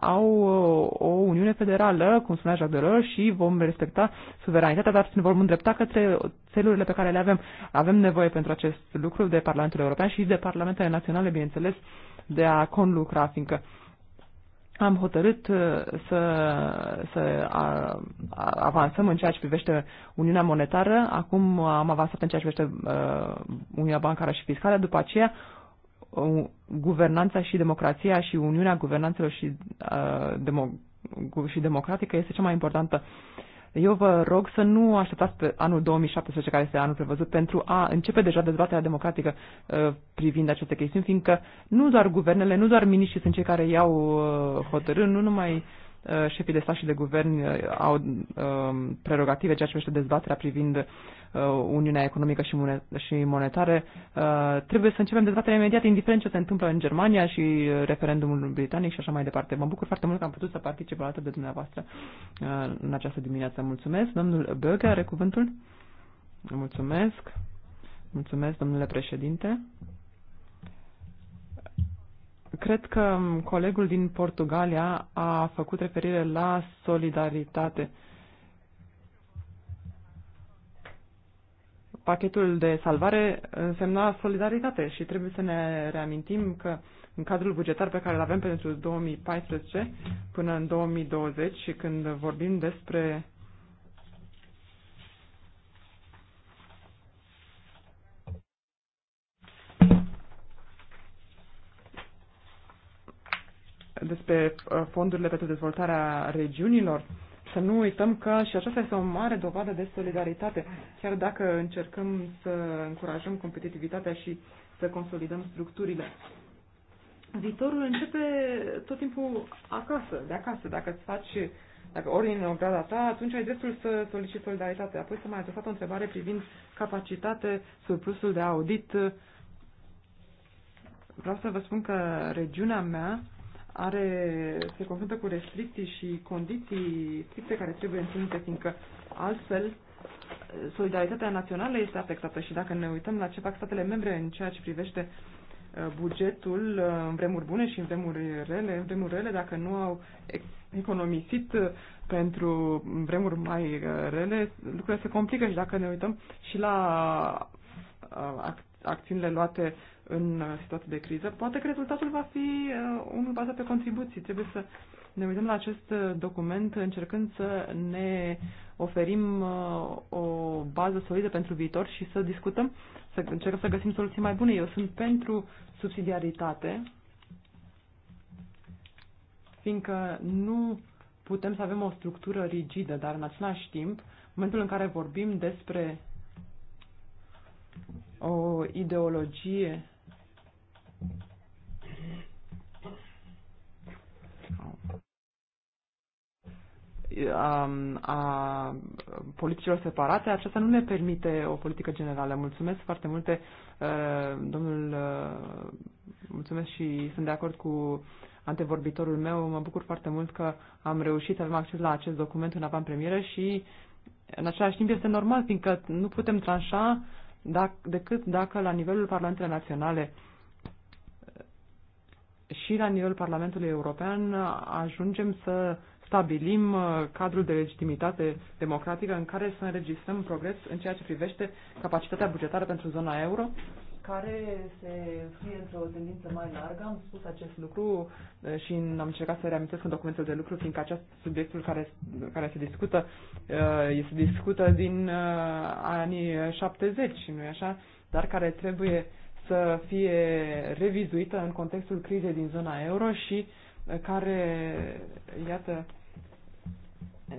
au uh, o Uniune Federală, cum spunea Jacques Delors, și vom respecta suveranitatea, dar ne vom îndrepta către țelurile pe care le avem. Avem nevoie pentru acest lucru de Parlamentul European și de Parlamentele Naționale, bineînțeles, de a conlucra, fiindcă am hotărât uh, să, să a, a, avansăm în ceea ce privește Uniunea Monetară, acum am avansat în ceea ce privește uh, Uniunea Bancară și Fiscală, după aceea uh, guvernanța și democrația și Uniunea Guvernanțelor și, uh, demo, și democratică este cea mai importantă uh, eu vă rog să nu așteptați pe anul 2017, care este anul prevăzut, pentru a începe deja dezbaterea democratică uh, privind aceste chestiuni, fiindcă nu doar guvernele, nu doar miniștrii sunt cei care iau uh, hotărâri, nu numai uh, Uh, șefii de stat și de guvern uh, au um, prerogative ceea ce privește dezbaterea privind uh, Uniunea Economică și monetare. Trebuie să începem dezbaterea imediat, indiferent ce se întâmplă în Germania și referendumul britanic și așa mai departe. Mă bucur foarte mult că am putut să particip alături de dumneavoastră în această dimineață. Mulțumesc. Domnul Böge are cuvântul. Mulțumesc. Mulțumesc, domnule președinte. Cred că um, colegul din Portugalia a făcut referire la solidaritate. Pachetul de salvare însemna solidaritate și trebuie să ne reamintim că în cadrul bugetar pe care îl avem pentru 2014 până în 2020 și când vorbim despre despre uh, fondurile pentru dezvoltarea regiunilor, să nu uităm că și aceasta este o mare dovadă de solidaritate, chiar dacă încercăm să încurajăm competitivitatea și să consolidăm structurile. Viitorul începe tot timpul acasă, de acasă. Dacă îți faci, dacă ori în ograda ta, atunci ai dreptul să soliciti solidaritate. Apoi să mai adresat o întrebare privind capacitate, surplusul de audit. Vreau să vă spun că regiunea mea are, se confruntă cu restricții și condiții stricte care trebuie înținute, fiindcă altfel uh, solidaritatea națională este afectată și dacă ne uităm la ce fac statele membre în ceea ce privește uh, bugetul uh, în vremuri bune și în vremuri rele, în vremuri rele dacă nu au economisit pentru vremuri mai rele, lucrurile se complică și dacă ne uităm și la acțiunile luate în situații de criză, poate că rezultatul va fi uh, unul bazat pe contribuții. Trebuie să ne uităm la acest uh, document încercând să ne oferim uh, o bază solidă pentru viitor și să discutăm, să încercăm să găsim soluții mai bune. Eu sunt pentru subsidiaritate, fiindcă nu putem să avem o structură rigidă, dar în același timp, în momentul în care vorbim despre o ideologie a politicilor separate, aceasta nu ne permite o politică generală. Mulțumesc foarte multe, domnul, mulțumesc și sunt de acord cu antevorbitorul meu. Mă bucur foarte mult că am reușit să avem acces la acest document în avant-premieră și în același timp este normal, fiindcă nu putem tranșa dacă, decât dacă la nivelul Parlamentelor Naționale și la nivelul Parlamentului European ajungem să stabilim uh, cadrul de legitimitate democratică în care să înregistrăm progres în ceea ce privește capacitatea bugetară pentru zona euro, care se fie într-o tendință mai largă. Am spus acest lucru uh, și am încercat să reamintesc în documentul de lucru, fiindcă acest subiectul care, care se discută uh, se discută din anii 70, nu-i așa? Dar care trebuie să fie revizuită în contextul crizei din zona euro și uh, care, iată,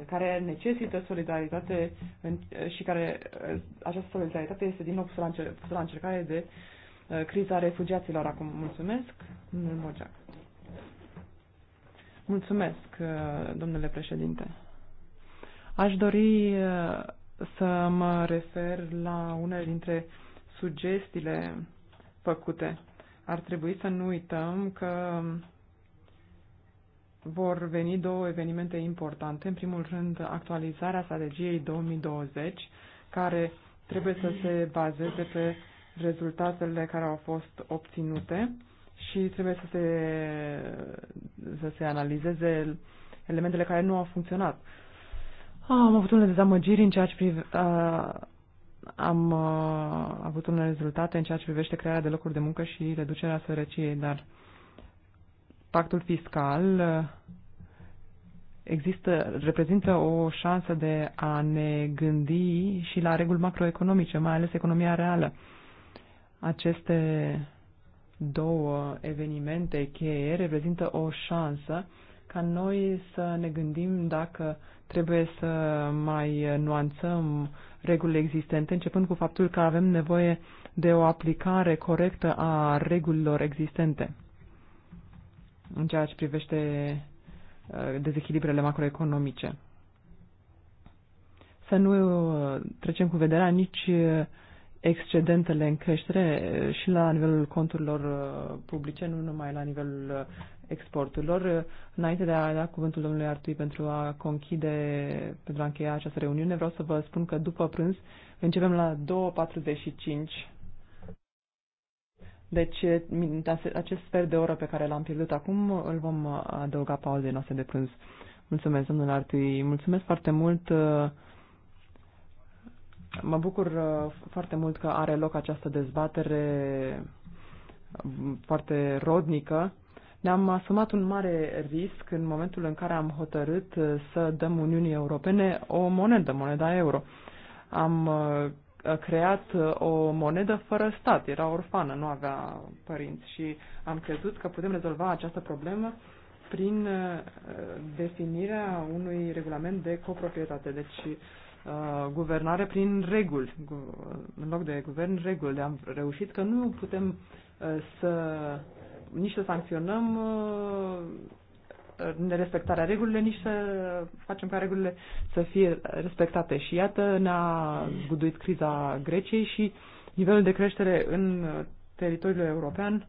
care necesită solidaritate uh, și care uh, această solidaritate este din nou pusă la încercare de criza refugiaților acum. Mulțumesc, domnul Mogeac. Mulțumesc, domnule președinte. Aș dori să mă refer la unele dintre sugestiile făcute. Ar trebui să nu uităm că vor veni două evenimente importante. În primul rând, actualizarea strategiei 2020, care trebuie să se bazeze pe rezultatele care au fost obținute și trebuie să se, să se analizeze elementele care nu au funcționat. Am avut unele dezamăgiri în ceea ce privește am uh, avut unele rezultate în ceea ce privește crearea de locuri de muncă și reducerea sărăciei, dar pactul fiscal uh, există, reprezintă o șansă de a ne gândi și la reguli macroeconomice, mai ales economia reală. Aceste două evenimente cheie reprezintă o șansă ca noi să ne gândim dacă uh, Trebuie să mai nuanțăm regulile existente, începând cu faptul că avem nevoie de o aplicare corectă a regulilor existente în ceea ce privește uh, dezechilibrele macroeconomice. Să nu uh, trecem cu vederea nici uh, excedentele în creștere și la nivelul conturilor publice, nu numai la nivelul exporturilor. Înainte de a da cuvântul domnului Artui pentru a conchide, pentru a încheia această reuniune, vreau să vă spun că după prânz începem la 2.45. Deci acest sfert de oră pe care l-am pierdut acum îl vom adăuga pauzei noastre de prânz. Mulțumesc, domnul Artui. Mulțumesc foarte mult. Mă bucur uh, foarte mult că are loc această dezbatere foarte rodnică. Ne-am asumat un mare risc în momentul în care am hotărât uh, să dăm Uniunii Europene o monedă, moneda euro. Am uh, creat uh, o monedă fără stat, era orfană, nu avea părinți și am crezut că putem rezolva această problemă prin definirea unui regulament de coproprietate. Deci, guvernare prin reguli, în loc de guvern, reguli. Am reușit că nu putem să nici să sancționăm uh, nerespectarea regulilor, nici să facem ca regulile să fie respectate. Și iată, ne-a zguduit criza Greciei și nivelul de creștere în teritoriul european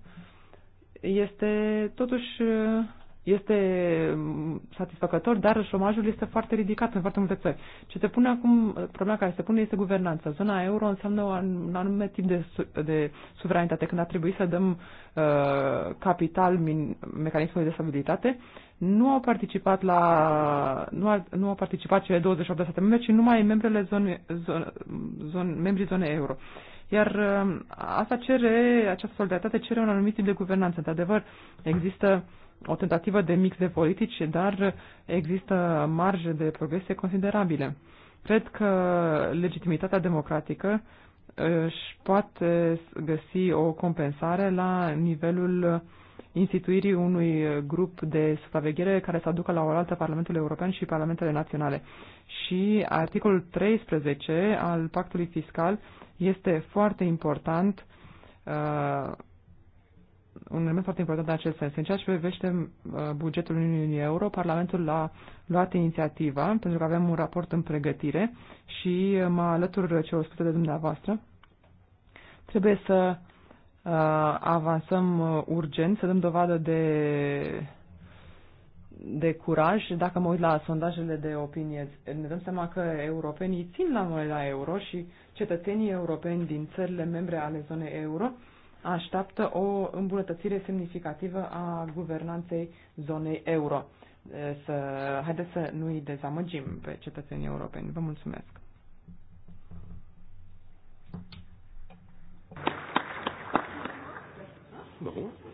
este totuși uh, este mm, satisfăcător, dar șomajul este foarte ridicat în foarte multe țări. Ce se pune acum, problema care se pune este guvernanța. Zona euro înseamnă un anume tip de, de suveranitate. Când ar trebui să dăm uh, capital min, mecanismului de stabilitate, nu au participat la nu, a, nu au participat cele 28 de state membre, ci numai membrele zone, zone, zone, membrii zonei euro. Iar uh, asta cere, această solidaritate cere un anumit tip de guvernanță. Într-adevăr, există uh, o tentativă de mix de politici, dar există marge de progrese considerabile. Cred că legitimitatea democratică își poate găsi o compensare la nivelul instituirii unui grup de supraveghere care să aducă la oaltă Parlamentul European și Parlamentele Naționale. Și articolul 13 al pactului fiscal este foarte important uh, un element foarte important în acest sens. În ceea ce privește uh, bugetul Uniunii Euro, Parlamentul a luat inițiativa, pentru că avem un raport în pregătire și mă alătur o spuse de dumneavoastră. Trebuie să uh, avansăm uh, urgent, să dăm dovadă de, de curaj. Dacă mă uit la sondajele de opinie, ne dăm seama că europenii țin la moneda euro și cetățenii europeni din țările membre ale zonei euro așteaptă o îmbunătățire semnificativă a guvernanței zonei euro. Să, haideți să nu îi dezamăgim pe cetățenii europeni. Vă mulțumesc! Bun.